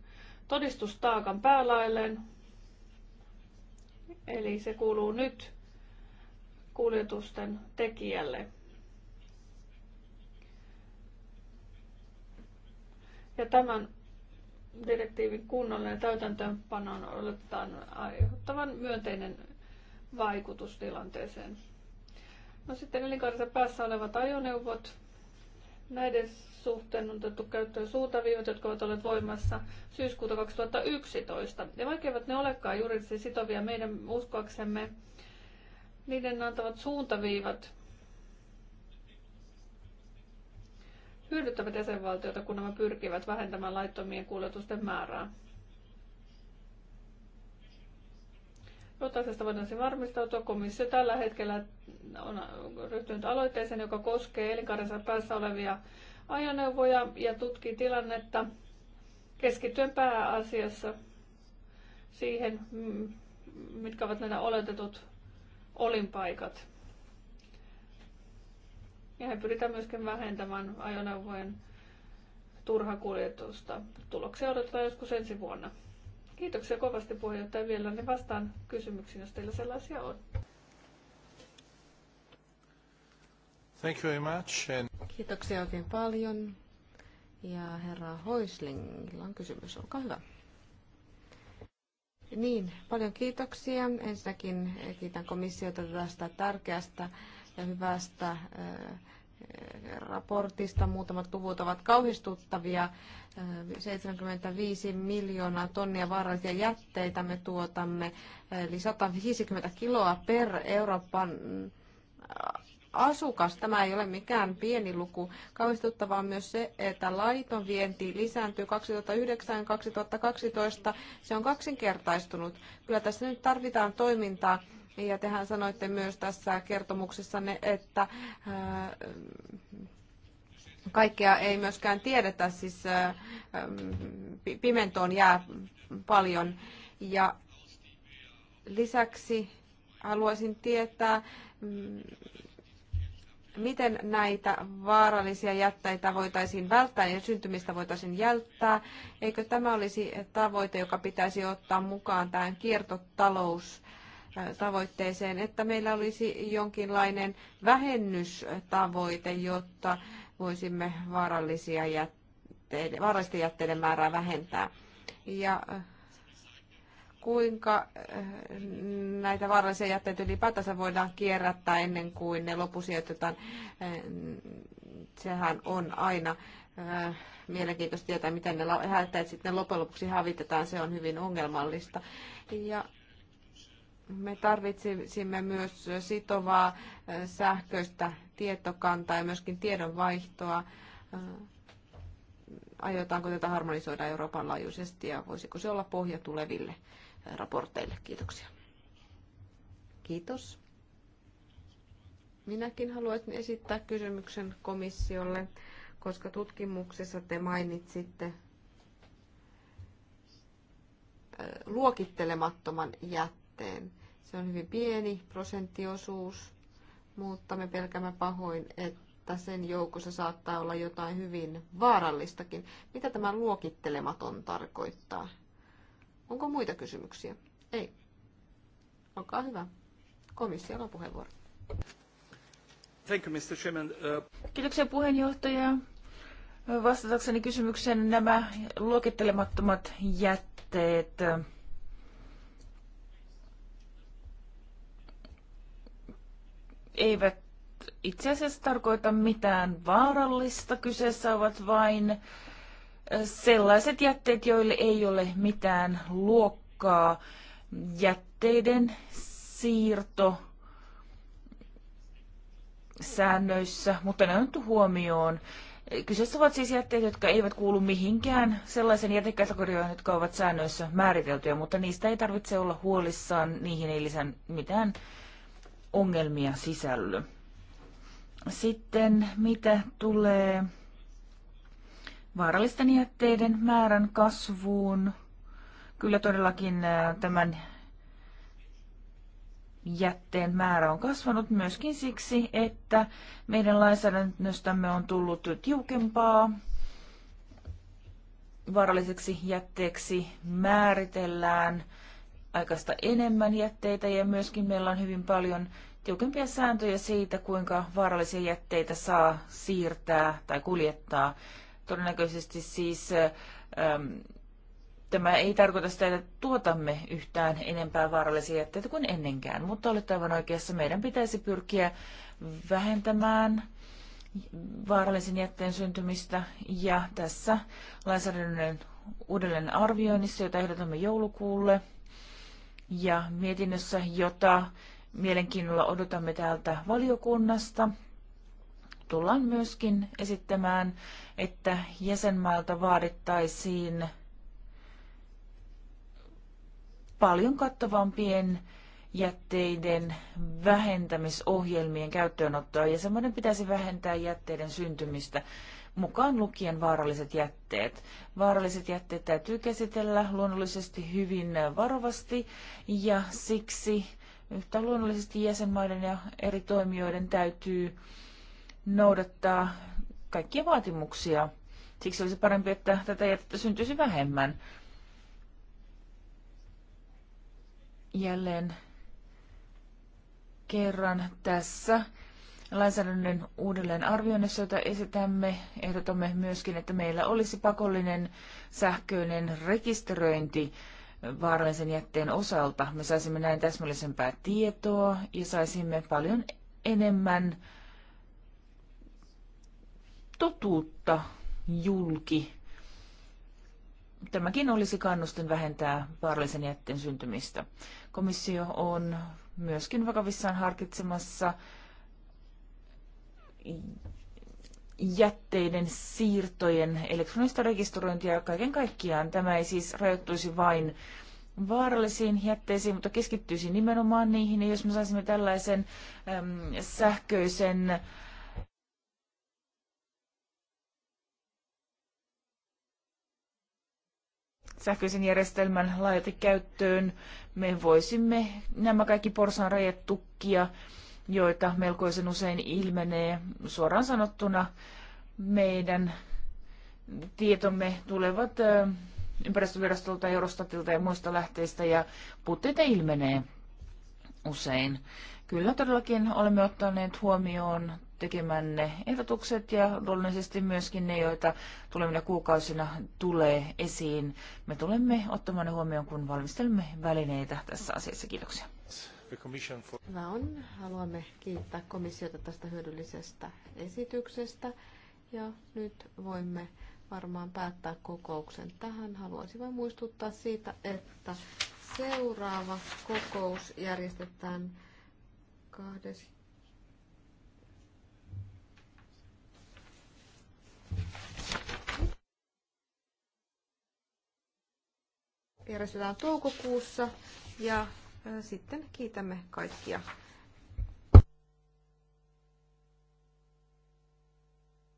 todistustaakan päälailleen, eli se kuuluu nyt kuljetusten tekijälle. Ja tämän direktiivin kunnollinen täytäntöönpano on oletetaan aiheuttavan myönteinen vaikutus tilanteeseen. No sitten elinkaarensa päässä olevat ajoneuvot. Näiden suhteen on otettu käyttöön suuntaviivat, jotka ovat olleet voimassa syyskuuta 2011. Ja vaikeivat ne olekaan juridisesti sitovia meidän uskoaksemme, niiden antavat suuntaviivat hyödyttävät jäsenvaltioita, kun nämä pyrkivät vähentämään laittomien kuljetusten määrää. Jotta asiasta voitaisiin varmistautua, komissio tällä hetkellä on ryhtynyt aloitteeseen, joka koskee elinkaarensa päässä olevia ajoneuvoja ja tutkii tilannetta keskittyen pääasiassa siihen, mitkä ovat nämä oletetut olinpaikat. Ja he pyritään myöskin vähentämään ajoneuvojen turhakuljetusta. Tuloksia odotetaan joskus ensi vuonna. Kiitoksia kovasti puheenjohtaja vielä, niin vastaan kysymyksiin, jos teillä sellaisia on. Thank you very much. And... Kiitoksia oikein paljon. Ja herra Hoislingilla on kysymys, olkaa hyvä. Niin, paljon kiitoksia. Ensinnäkin kiitän komissiota tästä tärkeästä ja hyvästä äh, raportista. Muutamat luvut ovat kauhistuttavia. 75 äh, miljoonaa tonnia vaarallisia jätteitä me tuotamme, eli 150 kiloa per Euroopan asukas. Tämä ei ole mikään pieni luku. Kauhistuttavaa myös se, että laiton vienti lisääntyy 2009-2012. Se on kaksinkertaistunut. Kyllä tässä nyt tarvitaan toimintaa. Ja tehän sanoitte myös tässä kertomuksessanne, että äh, kaikkea ei myöskään tiedetä, siis äh, pimentoon jää paljon. Ja lisäksi haluaisin tietää, mm, miten näitä vaarallisia jätteitä voitaisiin välttää ja syntymistä voitaisiin jälttää. Eikö tämä olisi tavoite, joka pitäisi ottaa mukaan tähän kiertotalous-tavoitteeseen, että meillä olisi jonkinlainen vähennystavoite, jotta voisimme vaarallisia jätteiden, vaarallisten jätteiden määrää vähentää. Ja kuinka eh, näitä vaarallisia jätteitä ylipäätänsä voidaan kierrättää ennen kuin ne lopusijoitetaan. Eh, sehän on aina eh, mielenkiintoista tietää, miten ne jätteet sitten loppujen lopuksi hävitetään. Se on hyvin ongelmallista. Ja me tarvitsisimme myös sitovaa sähköistä tietokantaa ja myöskin tiedonvaihtoa aiotaanko tätä harmonisoida Euroopan laajuisesti ja voisiko se olla pohja tuleville raporteille. Kiitoksia. Kiitos. Minäkin haluaisin esittää kysymyksen komissiolle, koska tutkimuksessa te mainitsitte luokittelemattoman jätteen. Se on hyvin pieni prosenttiosuus, mutta me pelkäämme pahoin, että sen joukossa saattaa olla jotain hyvin vaarallistakin. Mitä tämä luokittelematon tarkoittaa? Onko muita kysymyksiä? Ei. Olkaa hyvä. Komissiolla on puheenvuoro. Thank you, Mr. Chairman. Uh... Kiitoksia puheenjohtaja. Vastatakseni kysymykseen nämä luokittelemattomat jätteet. eivät itse asiassa tarkoita mitään vaarallista. Kyseessä ovat vain sellaiset jätteet, joille ei ole mitään luokkaa. Jätteiden siirto säännöissä, mutta ne on otettu huomioon. Kyseessä ovat siis jätteet, jotka eivät kuulu mihinkään sellaisen jätekategorioihin, jotka ovat säännöissä määriteltyjä, mutta niistä ei tarvitse olla huolissaan, niihin ei lisän mitään ongelmia sisälly. Sitten mitä tulee vaarallisten jätteiden määrän kasvuun. Kyllä todellakin äh, tämän jätteen määrä on kasvanut myöskin siksi, että meidän lainsäädännöstämme on tullut tiukempaa. Vaaralliseksi jätteeksi määritellään aikaista enemmän jätteitä ja myöskin meillä on hyvin paljon tiukempia sääntöjä siitä, kuinka vaarallisia jätteitä saa siirtää tai kuljettaa Todennäköisesti siis äm, tämä ei tarkoita sitä, että tuotamme yhtään enempää vaarallisia jätteitä kuin ennenkään, mutta olette aivan oikeassa. Meidän pitäisi pyrkiä vähentämään vaarallisen jätteen syntymistä ja tässä lainsäädännön uudelleen arvioinnissa, jota ehdotamme joulukuulle ja mietinnössä, jota mielenkiinnolla odotamme täältä valiokunnasta – tullaan myöskin esittämään, että jäsenmaalta vaadittaisiin paljon kattavampien jätteiden vähentämisohjelmien käyttöönottoa. ja Jäsenmaiden pitäisi vähentää jätteiden syntymistä mukaan lukien vaaralliset jätteet. Vaaralliset jätteet täytyy käsitellä luonnollisesti hyvin varovasti ja siksi yhtä luonnollisesti jäsenmaiden ja eri toimijoiden täytyy noudattaa kaikkia vaatimuksia. Siksi olisi parempi, että tätä jätettä syntyisi vähemmän. Jälleen kerran tässä lainsäädännön uudelleen arvioinnissa, jota esitämme, ehdotamme myöskin, että meillä olisi pakollinen sähköinen rekisteröinti vaarallisen jätteen osalta. Me saisimme näin täsmällisempää tietoa ja saisimme paljon enemmän totuutta julki. Tämäkin olisi kannustin vähentää vaarallisen jätteen syntymistä. Komissio on myöskin vakavissaan harkitsemassa jätteiden siirtojen elektronista rekisteröintiä kaiken kaikkiaan. Tämä ei siis rajoittuisi vain vaarallisiin jätteisiin, mutta keskittyisi nimenomaan niihin. Ja jos me saisimme tällaisen äm, sähköisen sähköisen järjestelmän laajalti käyttöön, me voisimme nämä kaikki porsanrajat tukkia, joita melkoisen usein ilmenee suoraan sanottuna meidän tietomme tulevat ympäristövirastolta, Eurostatilta ja muista lähteistä ja puutteita ilmenee usein. Kyllä todellakin olemme ottaneet huomioon tekemänne ehdotukset ja luonnollisesti myöskin ne, joita tulevina kuukausina tulee esiin. Me tulemme ottamaan ne huomioon, kun valmistelemme välineitä tässä asiassa. Kiitoksia. Hyvä on. Haluamme kiittää komissiota tästä hyödyllisestä esityksestä. Ja nyt voimme varmaan päättää kokouksen tähän. Haluaisin vain muistuttaa siitä, että seuraava kokous järjestetään 20. järjestetään toukokuussa ja sitten kiitämme kaikkia